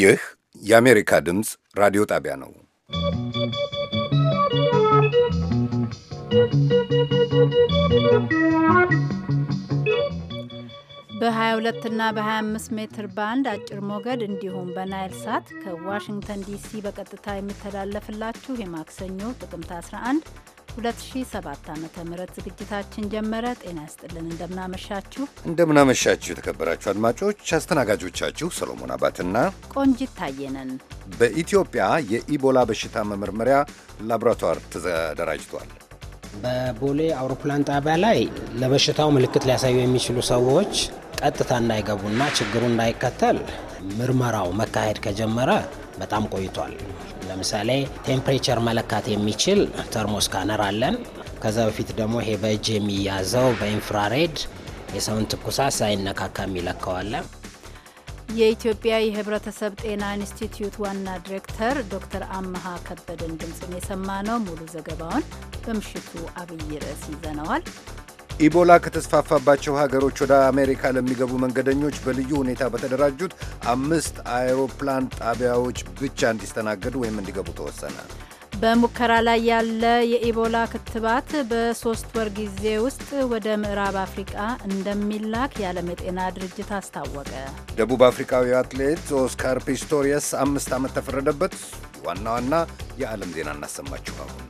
ይህ የአሜሪካ ድምፅ ራዲዮ ጣቢያ ነው። በ22 እና በ25 ሜትር ባንድ አጭር ሞገድ እንዲሁም በናይል ሳት ከዋሽንግተን ዲሲ በቀጥታ የሚተላለፍላችሁ የማክሰኞ ጥቅምት 11 2007 ዓ ም ዝግጅታችን ጀመረ። ጤና ያስጥልን። እንደምናመሻችሁ እንደምናመሻችሁ የተከበራችሁ አድማጮች፣ አስተናጋጆቻችሁ ሰሎሞን አባትና ቆንጂት ታየነን። በኢትዮጵያ የኢቦላ በሽታ መመርመሪያ ላቦራቶር ተደራጅቷል። በቦሌ አውሮፕላን ጣቢያ ላይ ለበሽታው ምልክት ሊያሳዩ የሚችሉ ሰዎች ቀጥታ እንዳይገቡና ችግሩ እንዳይከተል ምርመራው መካሄድ ከጀመረ በጣም ቆይቷል። ለምሳሌ ቴምፕሬቸር መለካት የሚችል ተርሞስካነር አለን። ከዛ በፊት ደግሞ ይሄ በእጅ የሚያዘው በኢንፍራሬድ የሰውን ትኩሳት ሳይነካካ የሚለካው የኢትዮጵያ የሕብረተሰብ ጤና ኢንስቲትዩት ዋና ዲሬክተር ዶክተር አመሃ ከበደን ድምፅን የሰማ ነው። ሙሉ ዘገባውን በምሽቱ አብይ ርዕስ ይዘነዋል። ኢቦላ ከተስፋፋባቸው ሀገሮች ወደ አሜሪካ ለሚገቡ መንገደኞች በልዩ ሁኔታ በተደራጁት አምስት አውሮፕላን ጣቢያዎች ብቻ እንዲስተናገዱ ወይም እንዲገቡ ተወሰነ። በሙከራ ላይ ያለ የኢቦላ ክትባት በሶስት ወር ጊዜ ውስጥ ወደ ምዕራብ አፍሪቃ እንደሚላክ የዓለም የጤና ድርጅት አስታወቀ። ደቡብ አፍሪካዊ አትሌት ኦስካር ፒስቶሪየስ አምስት ዓመት ተፈረደበት። ዋና ዋና የዓለም ዜና እናሰማችሁ አሁን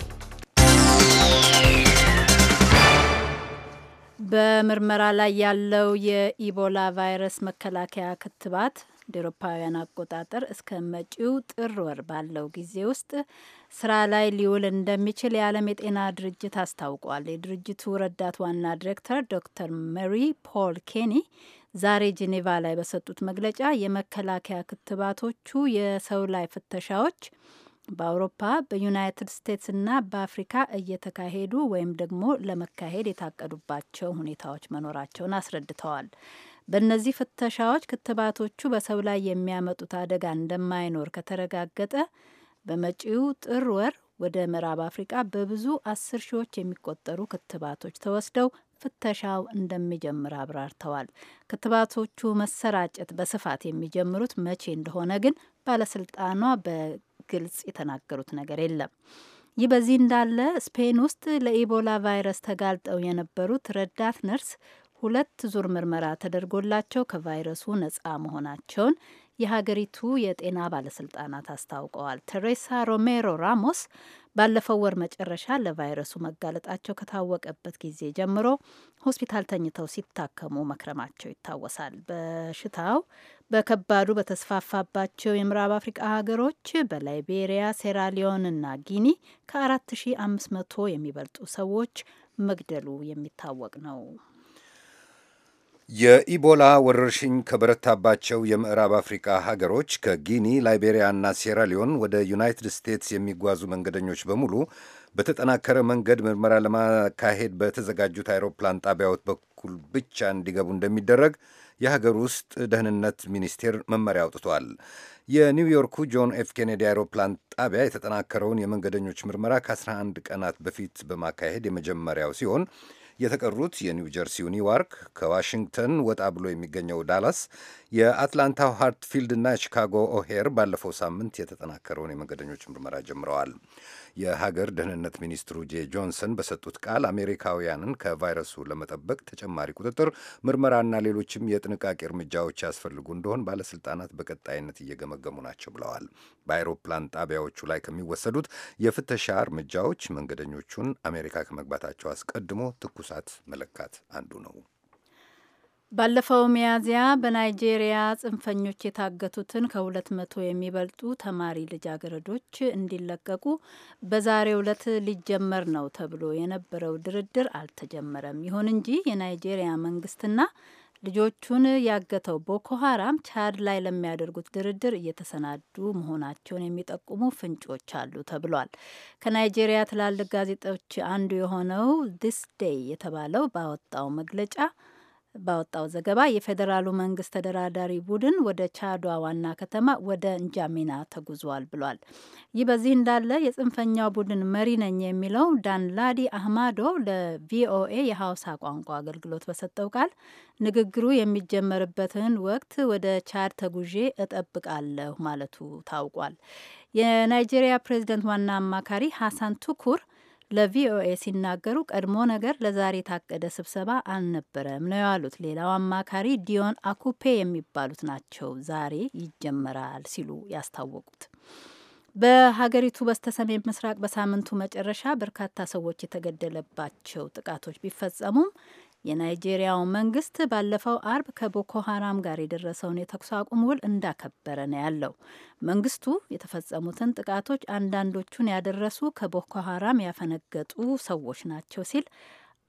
በምርመራ ላይ ያለው የኢቦላ ቫይረስ መከላከያ ክትባት እንደ አውሮፓውያን አቆጣጠር እስከ መጪው ጥር ወር ባለው ጊዜ ውስጥ ስራ ላይ ሊውል እንደሚችል የዓለም የጤና ድርጅት አስታውቋል። የድርጅቱ ረዳት ዋና ዲሬክተር ዶክተር ሜሪ ፖል ኬኒ ዛሬ ጄኔቫ ላይ በሰጡት መግለጫ የመከላከያ ክትባቶቹ የሰው ላይ ፍተሻዎች በአውሮፓ በዩናይትድ ስቴትስና በአፍሪካ እየተካሄዱ ወይም ደግሞ ለመካሄድ የታቀዱባቸው ሁኔታዎች መኖራቸውን አስረድተዋል። በእነዚህ ፍተሻዎች ክትባቶቹ በሰው ላይ የሚያመጡት አደጋ እንደማይኖር ከተረጋገጠ በመጪው ጥር ወር ወደ ምዕራብ አፍሪቃ በብዙ አስር ሺዎች የሚቆጠሩ ክትባቶች ተወስደው ፍተሻው እንደሚጀምር አብራርተዋል። ክትባቶቹ መሰራጨት በስፋት የሚጀምሩት መቼ እንደሆነ ግን ባለስልጣኗ በግልጽ የተናገሩት ነገር የለም። ይህ በዚህ እንዳለ ስፔን ውስጥ ለኢቦላ ቫይረስ ተጋልጠው የነበሩት ረዳት ነርስ ሁለት ዙር ምርመራ ተደርጎላቸው ከቫይረሱ ነጻ መሆናቸውን የሀገሪቱ የጤና ባለስልጣናት አስታውቀዋል። ቴሬሳ ሮሜሮ ራሞስ ባለፈው ወር መጨረሻ ለቫይረሱ መጋለጣቸው ከታወቀበት ጊዜ ጀምሮ ሆስፒታል ተኝተው ሲታከሙ መክረማቸው ይታወሳል። በሽታው በከባዱ በተስፋፋባቸው የምዕራብ አፍሪቃ ሀገሮች በላይቤሪያ፣ ሴራሊዮንና ጊኒ ከ4500 የሚበልጡ ሰዎች መግደሉ የሚታወቅ ነው። የኢቦላ ወረርሽኝ ከበረታባቸው የምዕራብ አፍሪካ ሀገሮች ከጊኒ፣ ሴራ ሴራሊዮን ወደ ዩናይትድ ስቴትስ የሚጓዙ መንገደኞች በሙሉ በተጠናከረ መንገድ ምርመራ ለማካሄድ በተዘጋጁት አይሮፕላን ጣቢያዎች በኩል ብቻ እንዲገቡ እንደሚደረግ የሀገር ውስጥ ደህንነት ሚኒስቴር መመሪያ አውጥቷል። የኒውዮርኩ ጆን ኤፍ ኬኔዲ አይሮፕላን ጣቢያ የተጠናከረውን የመንገደኞች ምርመራ ከ11 ቀናት በፊት በማካሄድ የመጀመሪያው ሲሆን የተቀሩት የኒው ጀርሲው ኒውዋርክ፣ ከዋሽንግተን ወጣ ብሎ የሚገኘው ዳላስ፣ የአትላንታው ሃርትፊልድ እና የቺካጎ ኦሄር ባለፈው ሳምንት የተጠናከረውን የመንገደኞች ምርመራ ጀምረዋል። የሀገር ደህንነት ሚኒስትሩ ጄ ጆንሰን በሰጡት ቃል አሜሪካውያንን ከቫይረሱ ለመጠበቅ ተጨማሪ ቁጥጥር፣ ምርመራና ሌሎችም የጥንቃቄ እርምጃዎች ያስፈልጉ እንደሆን ባለስልጣናት በቀጣይነት እየገመገሙ ናቸው ብለዋል። በአይሮፕላን ጣቢያዎቹ ላይ ከሚወሰዱት የፍተሻ እርምጃዎች መንገደኞቹን አሜሪካ ከመግባታቸው አስቀድሞ ትኩሳት መለካት አንዱ ነው። ባለፈው ሚያዝያ በናይጄሪያ ጽንፈኞች የታገቱትን ከሁለት መቶ የሚበልጡ ተማሪ ልጃገረዶች እንዲለቀቁ በዛሬው ዕለት ሊጀመር ነው ተብሎ የነበረው ድርድር አልተጀመረም። ይሁን እንጂ የናይጄሪያ መንግስትና ልጆቹን ያገተው ቦኮ ሀራም ቻድ ላይ ለሚያደርጉት ድርድር እየተሰናዱ መሆናቸውን የሚጠቁሙ ፍንጮች አሉ ተብሏል። ከናይጄሪያ ትላልቅ ጋዜጦች አንዱ የሆነው ዲስ ዴይ የተባለው ባወጣው መግለጫ ባወጣው ዘገባ የፌዴራሉ መንግስት ተደራዳሪ ቡድን ወደ ቻዷ ዋና ከተማ ወደ እንጃሚና ተጉዟል ብሏል። ይህ በዚህ እንዳለ የጽንፈኛው ቡድን መሪ ነኝ የሚለው ዳንላዲ አህማዶ ለቪኦኤ የሀውሳ ቋንቋ አገልግሎት በሰጠው ቃል ንግግሩ የሚጀመርበትን ወቅት ወደ ቻድ ተጉዤ እጠብቃለሁ ማለቱ ታውቋል። የናይጄሪያ ፕሬዚደንት ዋና አማካሪ ሀሳን ቱኩር ለቪኦኤ ሲናገሩ ቀድሞ ነገር ለዛሬ የታቀደ ስብሰባ አልነበረም ነው ያሉት። ሌላው አማካሪ ዲዮን አኩፔ የሚባሉት ናቸው ዛሬ ይጀመራል ሲሉ ያስታወቁት። በሀገሪቱ በስተሰሜን ምስራቅ በሳምንቱ መጨረሻ በርካታ ሰዎች የተገደለባቸው ጥቃቶች ቢፈጸሙም የናይጄሪያው መንግስት ባለፈው አርብ ከቦኮ ሀራም ጋር የደረሰውን የተኩስ አቁም ውል እንዳከበረ ነው ያለው። መንግስቱ የተፈጸሙትን ጥቃቶች አንዳንዶቹን ያደረሱ ከቦኮ ሀራም ያፈነገጡ ሰዎች ናቸው ሲል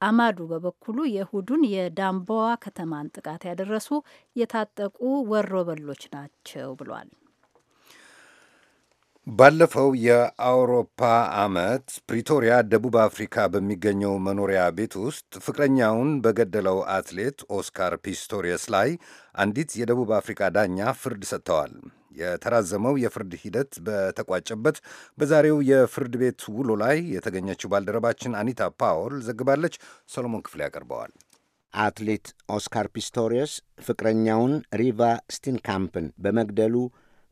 አማዱ በበኩሉ የእሁዱን የዳምቦዋ ከተማን ጥቃት ያደረሱ የታጠቁ ወሮበሎች ናቸው ብሏል። ባለፈው የአውሮፓ ዓመት ፕሪቶሪያ ደቡብ አፍሪካ በሚገኘው መኖሪያ ቤት ውስጥ ፍቅረኛውን በገደለው አትሌት ኦስካር ፒስቶሪየስ ላይ አንዲት የደቡብ አፍሪካ ዳኛ ፍርድ ሰጥተዋል። የተራዘመው የፍርድ ሂደት በተቋጨበት በዛሬው የፍርድ ቤት ውሎ ላይ የተገኘችው ባልደረባችን አኒታ ፓውል ዘግባለች። ሰሎሞን ክፍሌ ያቀርበዋል። አትሌት ኦስካር ፒስቶሪየስ ፍቅረኛውን ሪቫ ስቲንካምፕን በመግደሉ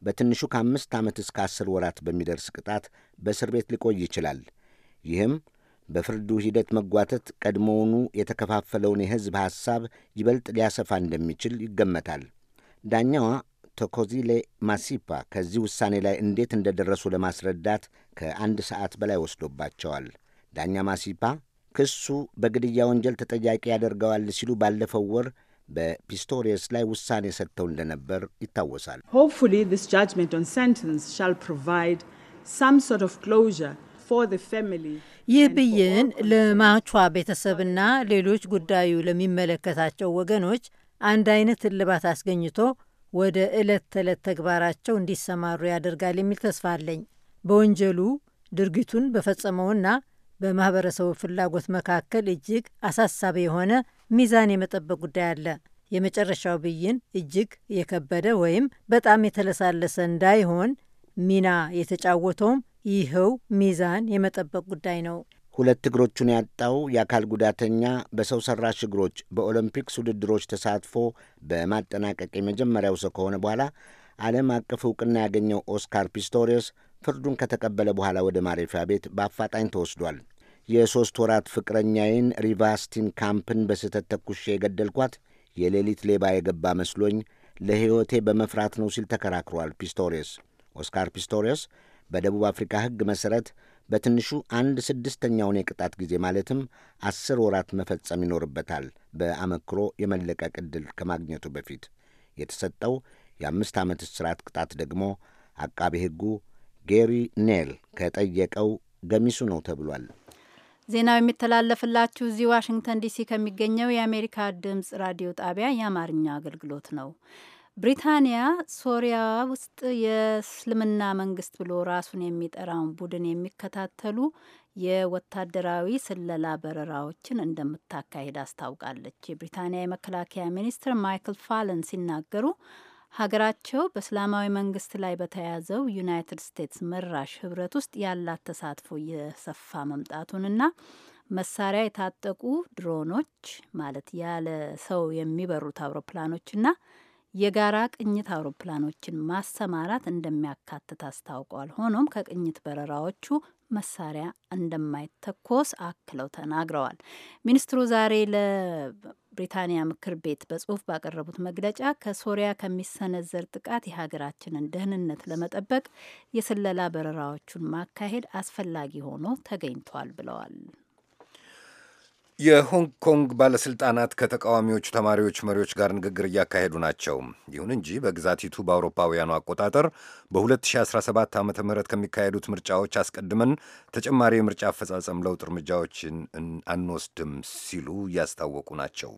በትንሹ ከአምስት ዓመት እስከ አስር ወራት በሚደርስ ቅጣት በእስር ቤት ሊቆይ ይችላል። ይህም በፍርዱ ሂደት መጓተት ቀድሞውኑ የተከፋፈለውን የሕዝብ ሐሳብ ይበልጥ ሊያሰፋ እንደሚችል ይገመታል። ዳኛዋ ተኮዚሌ ማሲፓ ከዚህ ውሳኔ ላይ እንዴት እንደደረሱ ለማስረዳት ከአንድ ሰዓት በላይ ወስዶባቸዋል። ዳኛ ማሲፓ ክሱ በግድያ ወንጀል ተጠያቂ ያደርገዋል ሲሉ ባለፈው ወር በፒስቶሪየስ ላይ ውሳኔ ሰጥተው እንደነበር ይታወሳል። ይህ ብይን ለማቿ ቤተሰብና ሌሎች ጉዳዩ ለሚመለከታቸው ወገኖች አንድ አይነት እልባት አስገኝቶ ወደ ዕለት ተዕለት ተግባራቸው እንዲሰማሩ ያደርጋል የሚል ተስፋ አለኝ። በወንጀሉ ድርጊቱን በፈጸመውና በማህበረሰቡ ፍላጎት መካከል እጅግ አሳሳቢ የሆነ ሚዛን የመጠበቅ ጉዳይ አለ። የመጨረሻው ብይን እጅግ የከበደ ወይም በጣም የተለሳለሰ እንዳይሆን ሚና የተጫወተውም ይኸው ሚዛን የመጠበቅ ጉዳይ ነው። ሁለት እግሮቹን ያጣው የአካል ጉዳተኛ በሰው ሰራሽ እግሮች በኦሎምፒክስ ውድድሮች ተሳትፎ በማጠናቀቅ የመጀመሪያው ሰው ከሆነ በኋላ ዓለም አቀፍ እውቅና ያገኘው ኦስካር ፒስቶሪየስ ፍርዱን ከተቀበለ በኋላ ወደ ማረፊያ ቤት በአፋጣኝ ተወስዷል። የሦስት ወራት ፍቅረኛዬን ሪቫስቲን ካምፕን በስህተት ተኩሼ የገደልኳት የሌሊት ሌባ የገባ መስሎኝ ለሕይወቴ በመፍራት ነው ሲል ተከራክሯል ፒስቶሪየስ። ኦስካር ፒስቶሪየስ በደቡብ አፍሪካ ሕግ መሠረት በትንሹ አንድ ስድስተኛውን የቅጣት ጊዜ ማለትም አስር ወራት መፈጸም ይኖርበታል። በአመክሮ የመለቀቅ ዕድል ከማግኘቱ በፊት የተሰጠው የአምስት ዓመት እስራት ቅጣት ደግሞ አቃቤ ሕጉ ጌሪ ኔል ከጠየቀው ገሚሱ ነው ተብሏል። ዜናው የሚተላለፍላችሁ እዚህ ዋሽንግተን ዲሲ ከሚገኘው የአሜሪካ ድምጽ ራዲዮ ጣቢያ የአማርኛ አገልግሎት ነው። ብሪታንያ ሶሪያ ውስጥ የእስልምና መንግስት ብሎ ራሱን የሚጠራውን ቡድን የሚከታተሉ የወታደራዊ ስለላ በረራዎችን እንደምታካሂድ አስታውቃለች። የብሪታንያ የመከላከያ ሚኒስትር ማይክል ፋለን ሲናገሩ ሀገራቸው በእስላማዊ መንግስት ላይ በተያዘው ዩናይትድ ስቴትስ መራሽ ህብረት ውስጥ ያላት ተሳትፎ እየሰፋ መምጣቱንና መሳሪያ የታጠቁ ድሮኖች ማለት ያለ ሰው የሚበሩት አውሮፕላኖችና የጋራ ቅኝት አውሮፕላኖችን ማሰማራት እንደሚያካትት አስታውቋል። ሆኖም ከቅኝት በረራዎቹ መሳሪያ እንደማይተኮስ አክለው ተናግረዋል። ሚኒስትሩ ዛሬ ለ ብሪታንያ ምክር ቤት በጽሁፍ ባቀረቡት መግለጫ ከሶሪያ ከሚሰነዘር ጥቃት የሀገራችንን ደህንነት ለመጠበቅ የስለላ በረራዎቹን ማካሄድ አስፈላጊ ሆኖ ተገኝቷል ብለዋል። የሆንግ ኮንግ ባለሥልጣናት ከተቃዋሚዎቹ ተማሪዎች መሪዎች ጋር ንግግር እያካሄዱ ናቸው። ይሁን እንጂ በግዛቲቱ በአውሮፓውያኑ አቆጣጠር በ2017 ዓ ም ከሚካሄዱት ምርጫዎች አስቀድመን ተጨማሪ የምርጫ አፈጻጸም ለውጥ እርምጃዎችን አንወስድም ሲሉ እያስታወቁ ናቸው።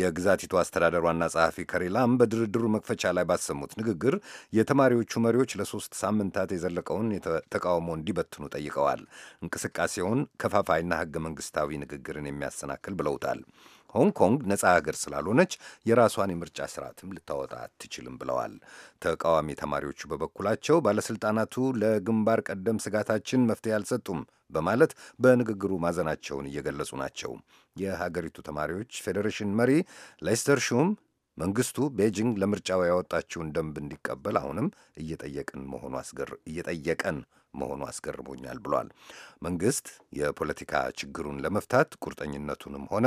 የግዛቲቱ አስተዳደር ዋና ጸሐፊ ከሪ ላም በድርድሩ መክፈቻ ላይ ባሰሙት ንግግር የተማሪዎቹ መሪዎች ለሶስት ሳምንታት የዘለቀውን ተቃውሞ እንዲበትኑ ጠይቀዋል። እንቅስቃሴውን ከፋፋይና ህገ መንግስታዊ ንግግርን የሚያሰናክል ብለውታል። ሆንግ ኮንግ ነፃ ሀገር ስላልሆነች የራሷን የምርጫ ስርዓትም ልታወጣ አትችልም ብለዋል። ተቃዋሚ ተማሪዎቹ በበኩላቸው ባለሥልጣናቱ ለግንባር ቀደም ስጋታችን መፍትሄ አልሰጡም በማለት በንግግሩ ማዘናቸውን እየገለጹ ናቸው። የሀገሪቱ ተማሪዎች ፌዴሬሽን መሪ ሌስተር ሹም መንግስቱ ቤጂንግ ለምርጫው ያወጣችውን ደንብ እንዲቀበል አሁንም እየጠየቅን መሆኑ እየጠየቀን መሆኑ አስገርሞኛል ብሏል። መንግስት የፖለቲካ ችግሩን ለመፍታት ቁርጠኝነቱንም ሆነ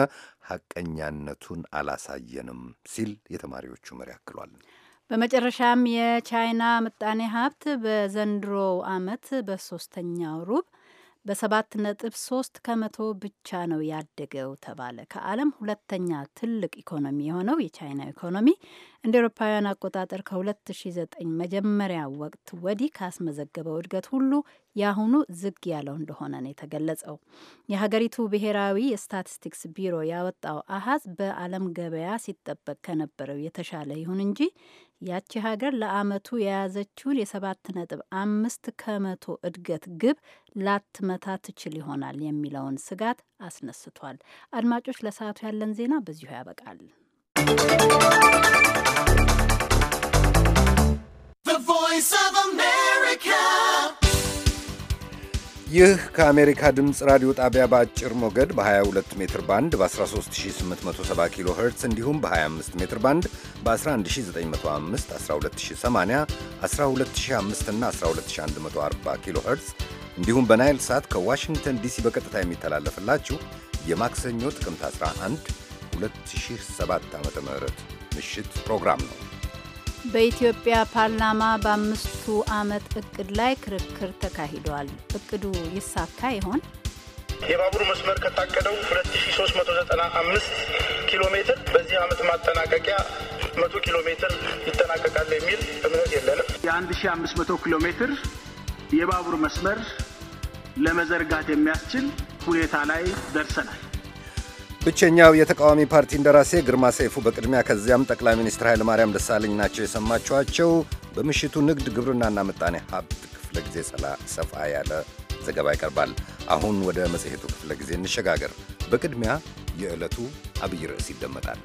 ሀቀኛነቱን አላሳየንም ሲል የተማሪዎቹ መሪ አክሏል። በመጨረሻም የቻይና ምጣኔ ሀብት በዘንድሮ ዓመት በሶስተኛው ሩብ በሰባት ነጥብ ሶስት ከመቶ ብቻ ነው ያደገው ተባለ። ከዓለም ሁለተኛ ትልቅ ኢኮኖሚ የሆነው የቻይና ኢኮኖሚ እንደ ኤሮፓውያን አቆጣጠር ከ2009 መጀመሪያ ወቅት ወዲህ ካስመዘገበው እድገት ሁሉ የአሁኑ ዝግ ያለው እንደሆነ ነው የተገለጸው። የሀገሪቱ ብሔራዊ የስታቲስቲክስ ቢሮ ያወጣው አሀዝ በዓለም ገበያ ሲጠበቅ ከነበረው የተሻለ ይሁን እንጂ ያቺ ሀገር ለአመቱ የያዘችውን የሰባት ነጥብ አምስት ከመቶ እድገት ግብ ላትመታ ትችል ይሆናል የሚለውን ስጋት አስነስቷል። አድማጮች፣ ለሰዓቱ ያለን ዜና በዚሁ ያበቃል። ቮይስ ኦፍ አሜሪካ ይህ ከአሜሪካ ድምፅ ራዲዮ ጣቢያ በአጭር ሞገድ በ22 ሜትር ባንድ በ13870 ኪሎ ኸርትስ እንዲሁም በ25 ሜትር ባንድ በ11905፣ 12080፣ 12005 እና 12140 ኪሎ ኸርትስ እንዲሁም በናይል ሳት ከዋሽንግተን ዲሲ በቀጥታ የሚተላለፍላችሁ የማክሰኞ ጥቅምት 11 2007 ዓ.ም ምሽት ፕሮግራም ነው። በኢትዮጵያ ፓርላማ በአምስቱ ዓመት እቅድ ላይ ክርክር ተካሂዷል። እቅዱ ይሳካ ይሆን? የባቡር መስመር ከታቀደው 2395 ኪሎ ሜትር በዚህ ዓመት ማጠናቀቂያ 100 ኪሎ ሜትር ይጠናቀቃል የሚል እምነት የለንም። የ1500 ኪሎ ሜትር የባቡር መስመር ለመዘርጋት የሚያስችል ሁኔታ ላይ ደርሰናል። ብቸኛው የተቃዋሚ ፓርቲ እንደራሴ ግርማ ሰይፉ በቅድሚያ ከዚያም ጠቅላይ ሚኒስትር ኃይለማርያም ደሳለኝ ናቸው የሰማችኋቸው። በምሽቱ ንግድ፣ ግብርናና ምጣኔ ሀብት ክፍለ ጊዜ ሰፋ ያለ ዘገባ ይቀርባል። አሁን ወደ መጽሔቱ ክፍለ ጊዜ እንሸጋገር። በቅድሚያ የዕለቱ አብይ ርዕስ ይደመጣል።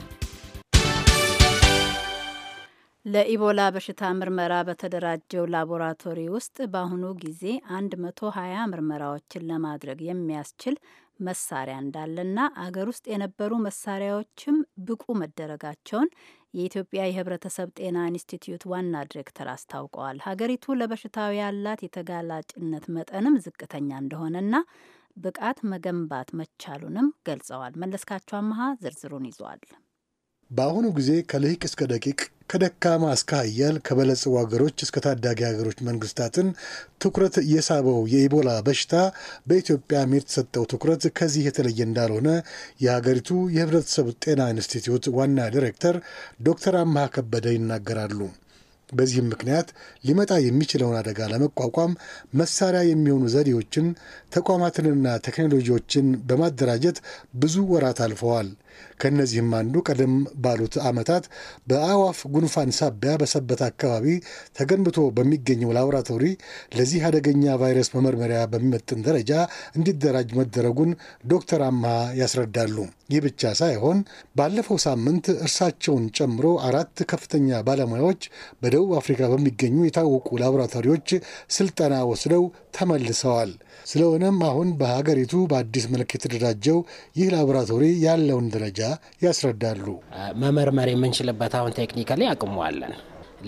ለኢቦላ በሽታ ምርመራ በተደራጀው ላቦራቶሪ ውስጥ በአሁኑ ጊዜ 120 ምርመራዎችን ለማድረግ የሚያስችል መሳሪያ እንዳለና አገር ውስጥ የነበሩ መሳሪያዎችም ብቁ መደረጋቸውን የኢትዮጵያ የሕብረተሰብ ጤና ኢንስቲትዩት ዋና ዲሬክተር አስታውቀዋል። ሀገሪቱ ለበሽታው ያላት የተጋላጭነት መጠንም ዝቅተኛ እንደሆነና ብቃት መገንባት መቻሉንም ገልጸዋል። መለስካቸው አመሃ ዝርዝሩን ይዟል። በአሁኑ ጊዜ ከልሂቅ እስከ ደቂቅ ከደካማ እስከ ሀያል ከበለጸጉ ሀገሮች እስከ ታዳጊ ሀገሮች መንግስታትን ትኩረት የሳበው የኢቦላ በሽታ በኢትዮጵያም የተሰጠው ትኩረት ከዚህ የተለየ እንዳልሆነ የሀገሪቱ የህብረተሰብ ጤና ኢንስቲትዩት ዋና ዲሬክተር ዶክተር አምሃ ከበደ ይናገራሉ። በዚህም ምክንያት ሊመጣ የሚችለውን አደጋ ለመቋቋም መሳሪያ የሚሆኑ ዘዴዎችን ተቋማትንና ቴክኖሎጂዎችን በማደራጀት ብዙ ወራት አልፈዋል። ከእነዚህም አንዱ ቀደም ባሉት ዓመታት በአዕዋፍ ጉንፋን ሳቢያ በሰበት አካባቢ ተገንብቶ በሚገኘው ላቦራቶሪ ለዚህ አደገኛ ቫይረስ መመርመሪያ በሚመጥን ደረጃ እንዲደራጅ መደረጉን ዶክተር አምሃ ያስረዳሉ። ይህ ብቻ ሳይሆን ባለፈው ሳምንት እርሳቸውን ጨምሮ አራት ከፍተኛ ባለሙያዎች በደ በደቡብ አፍሪካ በሚገኙ የታወቁ ላቦራቶሪዎች ስልጠና ወስደው ተመልሰዋል። ስለሆነም አሁን በሀገሪቱ በአዲስ መልክ የተደራጀው ይህ ላቦራቶሪ ያለውን ደረጃ ያስረዳሉ። መመርመር የምንችልበት አሁን ቴክኒካሊ አቅሟለን።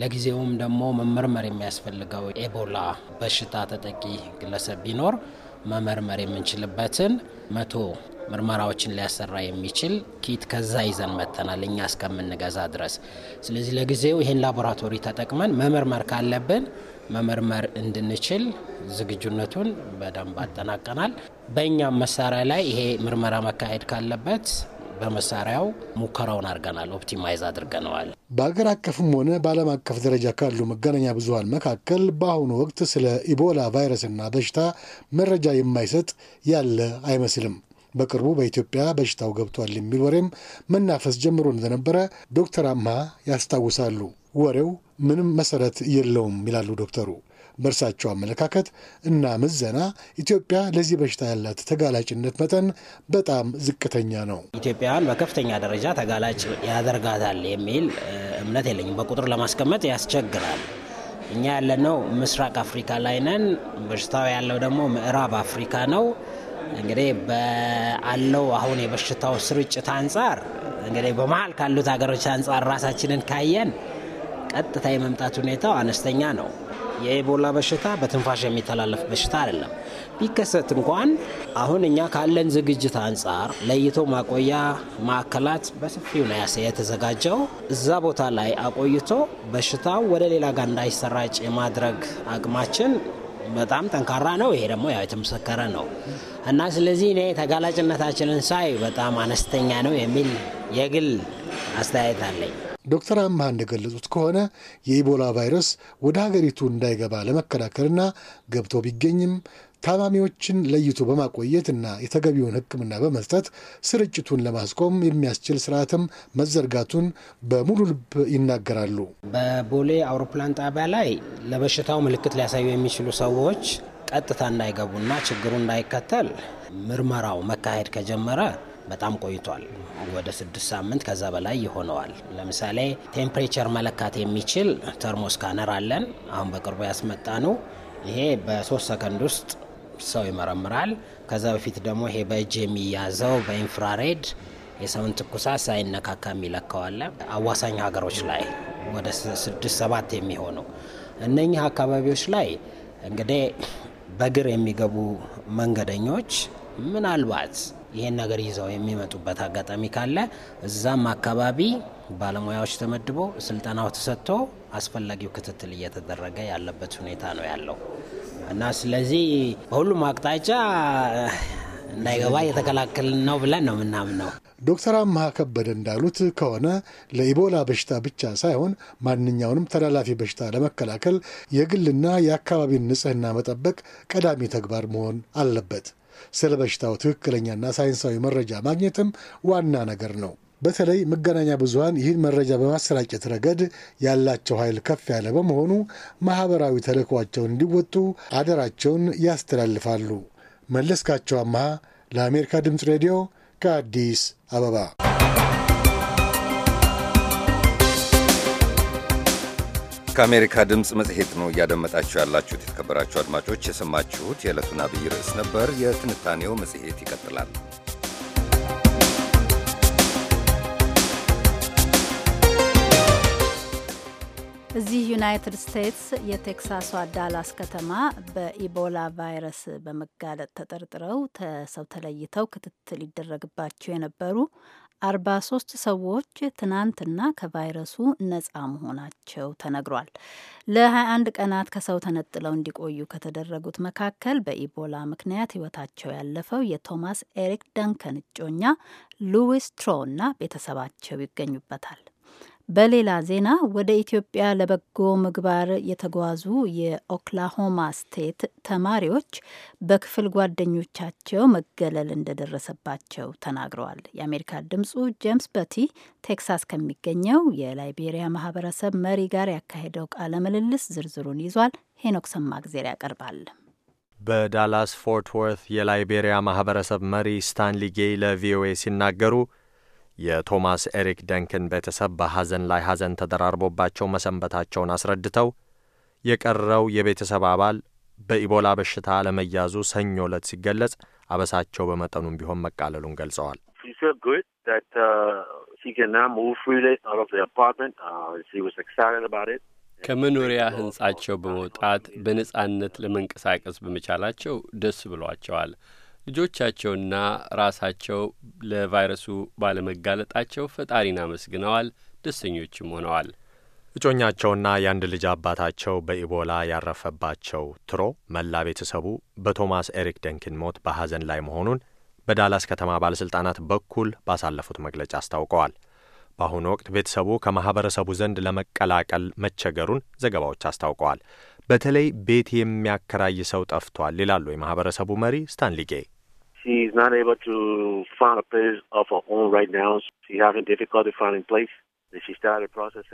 ለጊዜውም ደግሞ መመርመር የሚያስፈልገው ኤቦላ በሽታ ተጠቂ ግለሰብ ቢኖር መመርመር የምንችልበትን መቶ ምርመራዎችን ሊያሰራ የሚችል ኪት ከዛ ይዘን መጥተናል እኛ እስከምንገዛ ድረስ። ስለዚህ ለጊዜው ይህን ላቦራቶሪ ተጠቅመን መመርመር ካለብን መመርመር እንድንችል ዝግጁነቱን በደንብ አጠናቀናል። በእኛም መሳሪያ ላይ ይሄ ምርመራ መካሄድ ካለበት በመሳሪያው ሙከራውን አድርገናል፣ ኦፕቲማይዝ አድርገነዋል። በአገር አቀፍም ሆነ በዓለም አቀፍ ደረጃ ካሉ መገናኛ ብዙኃን መካከል በአሁኑ ወቅት ስለ ኢቦላ ቫይረስና በሽታ መረጃ የማይሰጥ ያለ አይመስልም። በቅርቡ በኢትዮጵያ በሽታው ገብቷል የሚል ወሬም መናፈስ ጀምሮ እንደነበረ ዶክተር አማ ያስታውሳሉ። ወሬው ምንም መሰረት የለውም ይላሉ ዶክተሩ። በእርሳቸው አመለካከት እና ምዘና ኢትዮጵያ ለዚህ በሽታ ያላት ተጋላጭነት መጠን በጣም ዝቅተኛ ነው፣ ኢትዮጵያን በከፍተኛ ደረጃ ተጋላጭ ያደርጋታል የሚል እምነት የለኝም። በቁጥር ለማስቀመጥ ያስቸግራል። እኛ ያለነው ምስራቅ አፍሪካ ላይ ነን። በሽታው ያለው ደግሞ ምዕራብ አፍሪካ ነው። እንግዲህ በአለው አሁን የበሽታው ስርጭት አንጻር እንግዲህ በመሀል ካሉት ሀገሮች አንጻር ራሳችንን ካየን ቀጥታ የመምጣት ሁኔታው አነስተኛ ነው። የኢቦላ በሽታ በትንፋሽ የሚተላለፍ በሽታ አይደለም። ቢከሰት እንኳን አሁን እኛ ካለን ዝግጅት አንጻር ለይቶ ማቆያ ማዕከላት በሰፊው ነው ያሰ የተዘጋጀው እዛ ቦታ ላይ አቆይቶ በሽታው ወደ ሌላ ጋር እንዳይሰራጭ የማድረግ አቅማችን በጣም ጠንካራ ነው። ይሄ ደግሞ ያው የተመሰከረ ነው። እና ስለዚህ እኔ ተጋላጭነታችንን ሳይ በጣም አነስተኛ ነው የሚል የግል አስተያየት አለኝ። ዶክተር አምሃ እንደገለጹት ከሆነ የኢቦላ ቫይረስ ወደ ሀገሪቱ እንዳይገባ ለመከላከልና ገብቶ ቢገኝም ታማሚዎችን ለይቶ በማቆየት እና የተገቢውን ሕክምና በመስጠት ስርጭቱን ለማስቆም የሚያስችል ስርዓትም መዘርጋቱን በሙሉ ልብ ይናገራሉ። በቦሌ አውሮፕላን ጣቢያ ላይ ለበሽታው ምልክት ሊያሳዩ የሚችሉ ሰዎች ቀጥታ እንዳይገቡና ችግሩ እንዳይከተል ምርመራው መካሄድ ከጀመረ በጣም ቆይቷል። ወደ ስድስት ሳምንት ከዛ በላይ ይሆነዋል። ለምሳሌ ቴምፕሬቸር መለካት የሚችል ተርሞስካነር አለን። አሁን በቅርቡ ያስመጣ ነው። ይሄ በሶስት ሰከንድ ውስጥ ሰው ይመረምራል። ከዛ በፊት ደግሞ ይሄ በእጅ የሚያዘው በኢንፍራሬድ የሰውን ትኩሳት ሳይነካካ የሚለካዋለ አዋሳኝ ሀገሮች ላይ ወደ ስድስት ሰባት የሚሆኑ እነኚህ አካባቢዎች ላይ እንግዲህ በእግር የሚገቡ መንገደኞች ምናልባት ይሄን ነገር ይዘው የሚመጡበት አጋጣሚ ካለ እዛም አካባቢ ባለሙያዎች ተመድቦ ስልጠናው ተሰጥቶ አስፈላጊው ክትትል እየተደረገ ያለበት ሁኔታ ነው ያለው። እና ስለዚህ በሁሉም አቅጣጫ እንዳይገባ እየተከላከልን ነው ብለን ነው የምናምነው። ዶክተር አምሃ ከበደ እንዳሉት ከሆነ ለኢቦላ በሽታ ብቻ ሳይሆን ማንኛውንም ተላላፊ በሽታ ለመከላከል የግልና የአካባቢን ንጽህና መጠበቅ ቀዳሚ ተግባር መሆን አለበት። ስለ በሽታው ትክክለኛና ሳይንሳዊ መረጃ ማግኘትም ዋና ነገር ነው። በተለይ መገናኛ ብዙሀን ይህን መረጃ በማሰራጨት ረገድ ያላቸው ኃይል ከፍ ያለ በመሆኑ ማህበራዊ ተልእኳቸውን እንዲወጡ አደራቸውን ያስተላልፋሉ። መለስካቸው አማ ለአሜሪካ ድምፅ ሬዲዮ ከአዲስ አበባ። ከአሜሪካ ድምፅ መጽሔት ነው እያደመጣችሁ ያላችሁት። የተከበራችሁ አድማጮች የሰማችሁት የዕለቱን አብይ ርዕስ ነበር። የትንታኔው መጽሔት ይቀጥላል። እዚህ ዩናይትድ ስቴትስ የቴክሳሷ ዳላስ ከተማ በኢቦላ ቫይረስ በመጋለጥ ተጠርጥረው ሰው ተለይተው ክትትል ይደረግባቸው የነበሩ አርባ ሶስት ሰዎች ትናንትና ከቫይረሱ ነጻ መሆናቸው ተነግሯል። ለ21 ቀናት ከሰው ተነጥለው እንዲቆዩ ከተደረጉት መካከል በኢቦላ ምክንያት ሕይወታቸው ያለፈው የቶማስ ኤሪክ ደንከን እጮኛ ሉዊስ ትሮ እና ቤተሰባቸው ይገኙበታል። በሌላ ዜና ወደ ኢትዮጵያ ለበጎ ምግባር የተጓዙ የኦክላሆማ ስቴት ተማሪዎች በክፍል ጓደኞቻቸው መገለል እንደደረሰባቸው ተናግረዋል። የአሜሪካ ድምጹ ጄምስ በቲ ቴክሳስ ከሚገኘው የላይቤሪያ ማህበረሰብ መሪ ጋር ያካሄደው ቃለ ምልልስ ዝርዝሩን ይዟል። ሄኖክ ሰማግዜር ያቀርባል። በዳላስ ፎርት ወርት የላይቤሪያ ማህበረሰብ መሪ ስታንሊ ጌይ ለቪኦኤ ሲናገሩ የቶማስ ኤሪክ ደንክን ቤተሰብ በሐዘን ላይ ሐዘን ተደራርቦባቸው መሰንበታቸውን አስረድተው የቀረው የቤተሰብ አባል በኢቦላ በሽታ ለመያዙ ሰኞ ዕለት ሲገለጽ አበሳቸው በመጠኑም ቢሆን መቃለሉን ገልጸዋል። uh, uh, ከመኖሪያ ሕንጻቸው በመውጣት በነጻነት ለመንቀሳቀስ በመቻላቸው ደስ ብሏቸዋል። ልጆቻቸውና ራሳቸው ለቫይረሱ ባለመጋለጣቸው ፈጣሪን አመስግነዋል፣ ደስተኞችም ሆነዋል። እጮኛቸውና የአንድ ልጅ አባታቸው በኢቦላ ያረፈባቸው ትሮ መላ ቤተሰቡ በቶማስ ኤሪክ ደንኪን ሞት በሐዘን ላይ መሆኑን በዳላስ ከተማ ባለሥልጣናት በኩል ባሳለፉት መግለጫ አስታውቀዋል። በአሁኑ ወቅት ቤተሰቡ ከማኅበረሰቡ ዘንድ ለመቀላቀል መቸገሩን ዘገባዎች አስታውቀዋል። በተለይ ቤት የሚያከራይ ሰው ጠፍቷል ይላሉ የማህበረሰቡ መሪ ስታንሊጌ።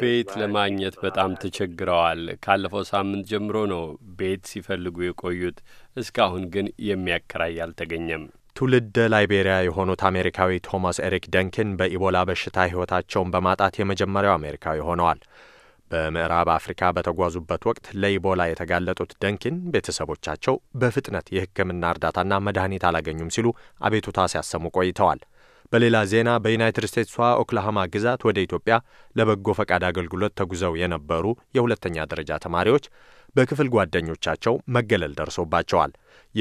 ቤት ለማግኘት በጣም ተቸግረዋል። ካለፈው ሳምንት ጀምሮ ነው ቤት ሲፈልጉ የቆዩት። እስካሁን ግን የሚያከራይ አልተገኘም። ትውልደ ላይቤሪያ የሆኑት አሜሪካዊ ቶማስ ኤሪክ ደንኪን በኢቦላ በሽታ ሕይወታቸውን በማጣት የመጀመሪያው አሜሪካዊ ሆነዋል። በምዕራብ አፍሪካ በተጓዙበት ወቅት ለኢቦላ የተጋለጡት ደንኪን ቤተሰቦቻቸው በፍጥነት የሕክምና እርዳታና መድኃኒት አላገኙም ሲሉ አቤቱታ ሲያሰሙ ቆይተዋል። በሌላ ዜና በዩናይትድ ስቴትሷ ኦክላሃማ ግዛት ወደ ኢትዮጵያ ለበጎ ፈቃድ አገልግሎት ተጉዘው የነበሩ የሁለተኛ ደረጃ ተማሪዎች በክፍል ጓደኞቻቸው መገለል ደርሶባቸዋል።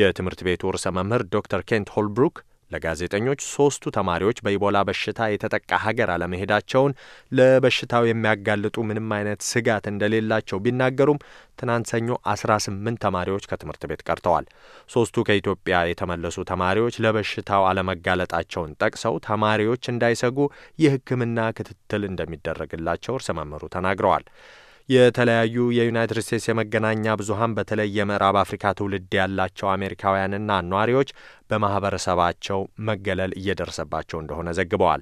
የትምህርት ቤቱ ርዕሰ መምህር ዶክተር ኬንት ሆልብሩክ ለጋዜጠኞች ሶስቱ ተማሪዎች በኢቦላ በሽታ የተጠቃ ሀገር አለመሄዳቸውን ለበሽታው የሚያጋልጡ ምንም አይነት ስጋት እንደሌላቸው ቢናገሩም ትናንት ሰኞ 18 ተማሪዎች ከትምህርት ቤት ቀርተዋል። ሶስቱ ከኢትዮጵያ የተመለሱ ተማሪዎች ለበሽታው አለመጋለጣቸውን ጠቅሰው ተማሪዎች እንዳይሰጉ የሕክምና ክትትል እንደሚደረግላቸው ርዕሰ መምህሩ ተናግረዋል። የተለያዩ የዩናይትድ ስቴትስ የመገናኛ ብዙሀን በተለይ የምዕራብ አፍሪካ ትውልድ ያላቸው አሜሪካውያንና ነዋሪዎች በማህበረሰባቸው መገለል እየደረሰባቸው እንደሆነ ዘግበዋል።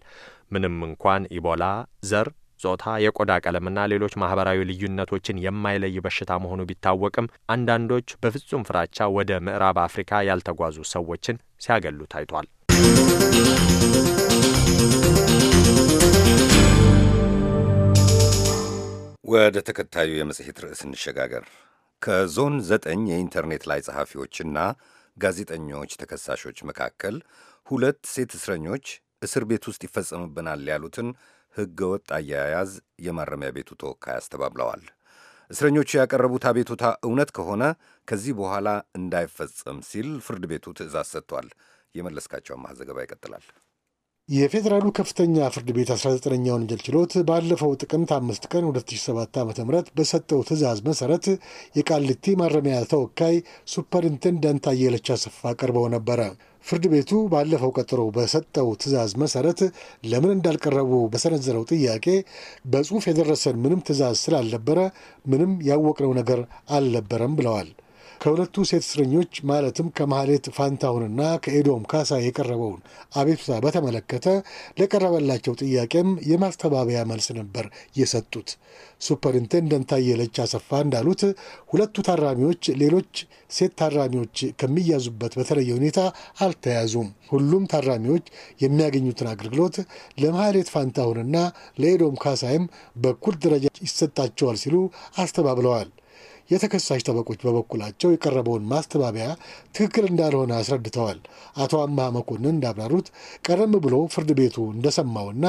ምንም እንኳን ኢቦላ ዘር ጾታ፣ የቆዳ ቀለምና ሌሎች ማህበራዊ ልዩነቶችን የማይለይ በሽታ መሆኑ ቢታወቅም አንዳንዶች በፍጹም ፍራቻ ወደ ምዕራብ አፍሪካ ያልተጓዙ ሰዎችን ሲያገሉ ታይቷል። ወደ ተከታዩ የመጽሔት ርዕስ እንሸጋገር። ከዞን ዘጠኝ የኢንተርኔት ላይ ጸሐፊዎችና ጋዜጠኞች ተከሳሾች መካከል ሁለት ሴት እስረኞች እስር ቤት ውስጥ ይፈጸምብናል ያሉትን ሕገወጥ አያያዝ የማረሚያ ቤቱ ተወካይ አስተባብለዋል። እስረኞቹ ያቀረቡት አቤቱታ እውነት ከሆነ ከዚህ በኋላ እንዳይፈጸም ሲል ፍርድ ቤቱ ትዕዛዝ ሰጥቷል። የመለስካቸው አማህ ዘገባ ይቀጥላል። የፌዴራሉ ከፍተኛ ፍርድ ቤት 19ኛ ወንጀል ችሎት ባለፈው ጥቅምት አምስት ቀን 2007 ዓ ም በሰጠው ትዕዛዝ መሰረት የቃሊቲ ማረሚያ ተወካይ ሱፐርኢንቴንዳንት አየለች አሰፋ ቀርበው ነበረ። ፍርድ ቤቱ ባለፈው ቀጠሮ በሰጠው ትእዛዝ መሰረት ለምን እንዳልቀረቡ በሰነዘረው ጥያቄ በጽሑፍ የደረሰን ምንም ትእዛዝ ስላልነበረ ምንም ያወቅነው ነገር አልነበረም ብለዋል። ከሁለቱ ሴት እስረኞች ማለትም ከማህሌት ፋንታሁንና ከኤዶም ካሳ የቀረበውን አቤቱታ በተመለከተ ለቀረበላቸው ጥያቄም የማስተባበያ መልስ ነበር የሰጡት። ሱፐርኢንቴንደንት ታየለች አሰፋ እንዳሉት ሁለቱ ታራሚዎች ሌሎች ሴት ታራሚዎች ከሚያዙበት በተለየ ሁኔታ አልተያዙም። ሁሉም ታራሚዎች የሚያገኙትን አገልግሎት ለማህሌት ፋንታሁንና ለኤዶም ካሳይም በኩል ደረጃ ይሰጣቸዋል ሲሉ አስተባብለዋል። የተከሳሽ ጠበቆች በበኩላቸው የቀረበውን ማስተባበያ ትክክል እንዳልሆነ አስረድተዋል። አቶ አማ መኮንን እንዳብራሩት ቀደም ብሎ ፍርድ ቤቱ እንደሰማውና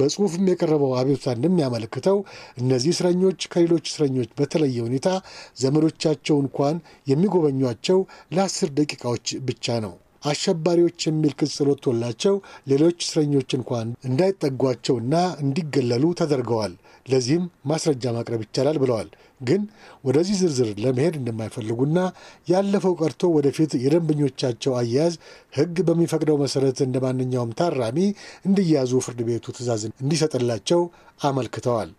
በጽሁፍም የቀረበው አቤቱታ እንደሚያመለክተው እነዚህ እስረኞች ከሌሎች እስረኞች በተለየ ሁኔታ ዘመዶቻቸው እንኳን የሚጎበኟቸው ለአስር ደቂቃዎች ብቻ ነው። አሸባሪዎች የሚል ቅጽል ወጥቶላቸው ሌሎች እስረኞች እንኳን እንዳይጠጓቸውና እንዲገለሉ ተደርገዋል። ለዚህም ማስረጃ ማቅረብ ይቻላል ብለዋል። ግን ወደዚህ ዝርዝር ለመሄድ እንደማይፈልጉና ያለፈው ቀርቶ ወደፊት የደንበኞቻቸው አያያዝ ሕግ በሚፈቅደው መሰረት እንደ ማንኛውም ታራሚ እንዲያዙ ፍርድ ቤቱ ትዕዛዝ እንዲሰጥላቸው አመልክተዋል።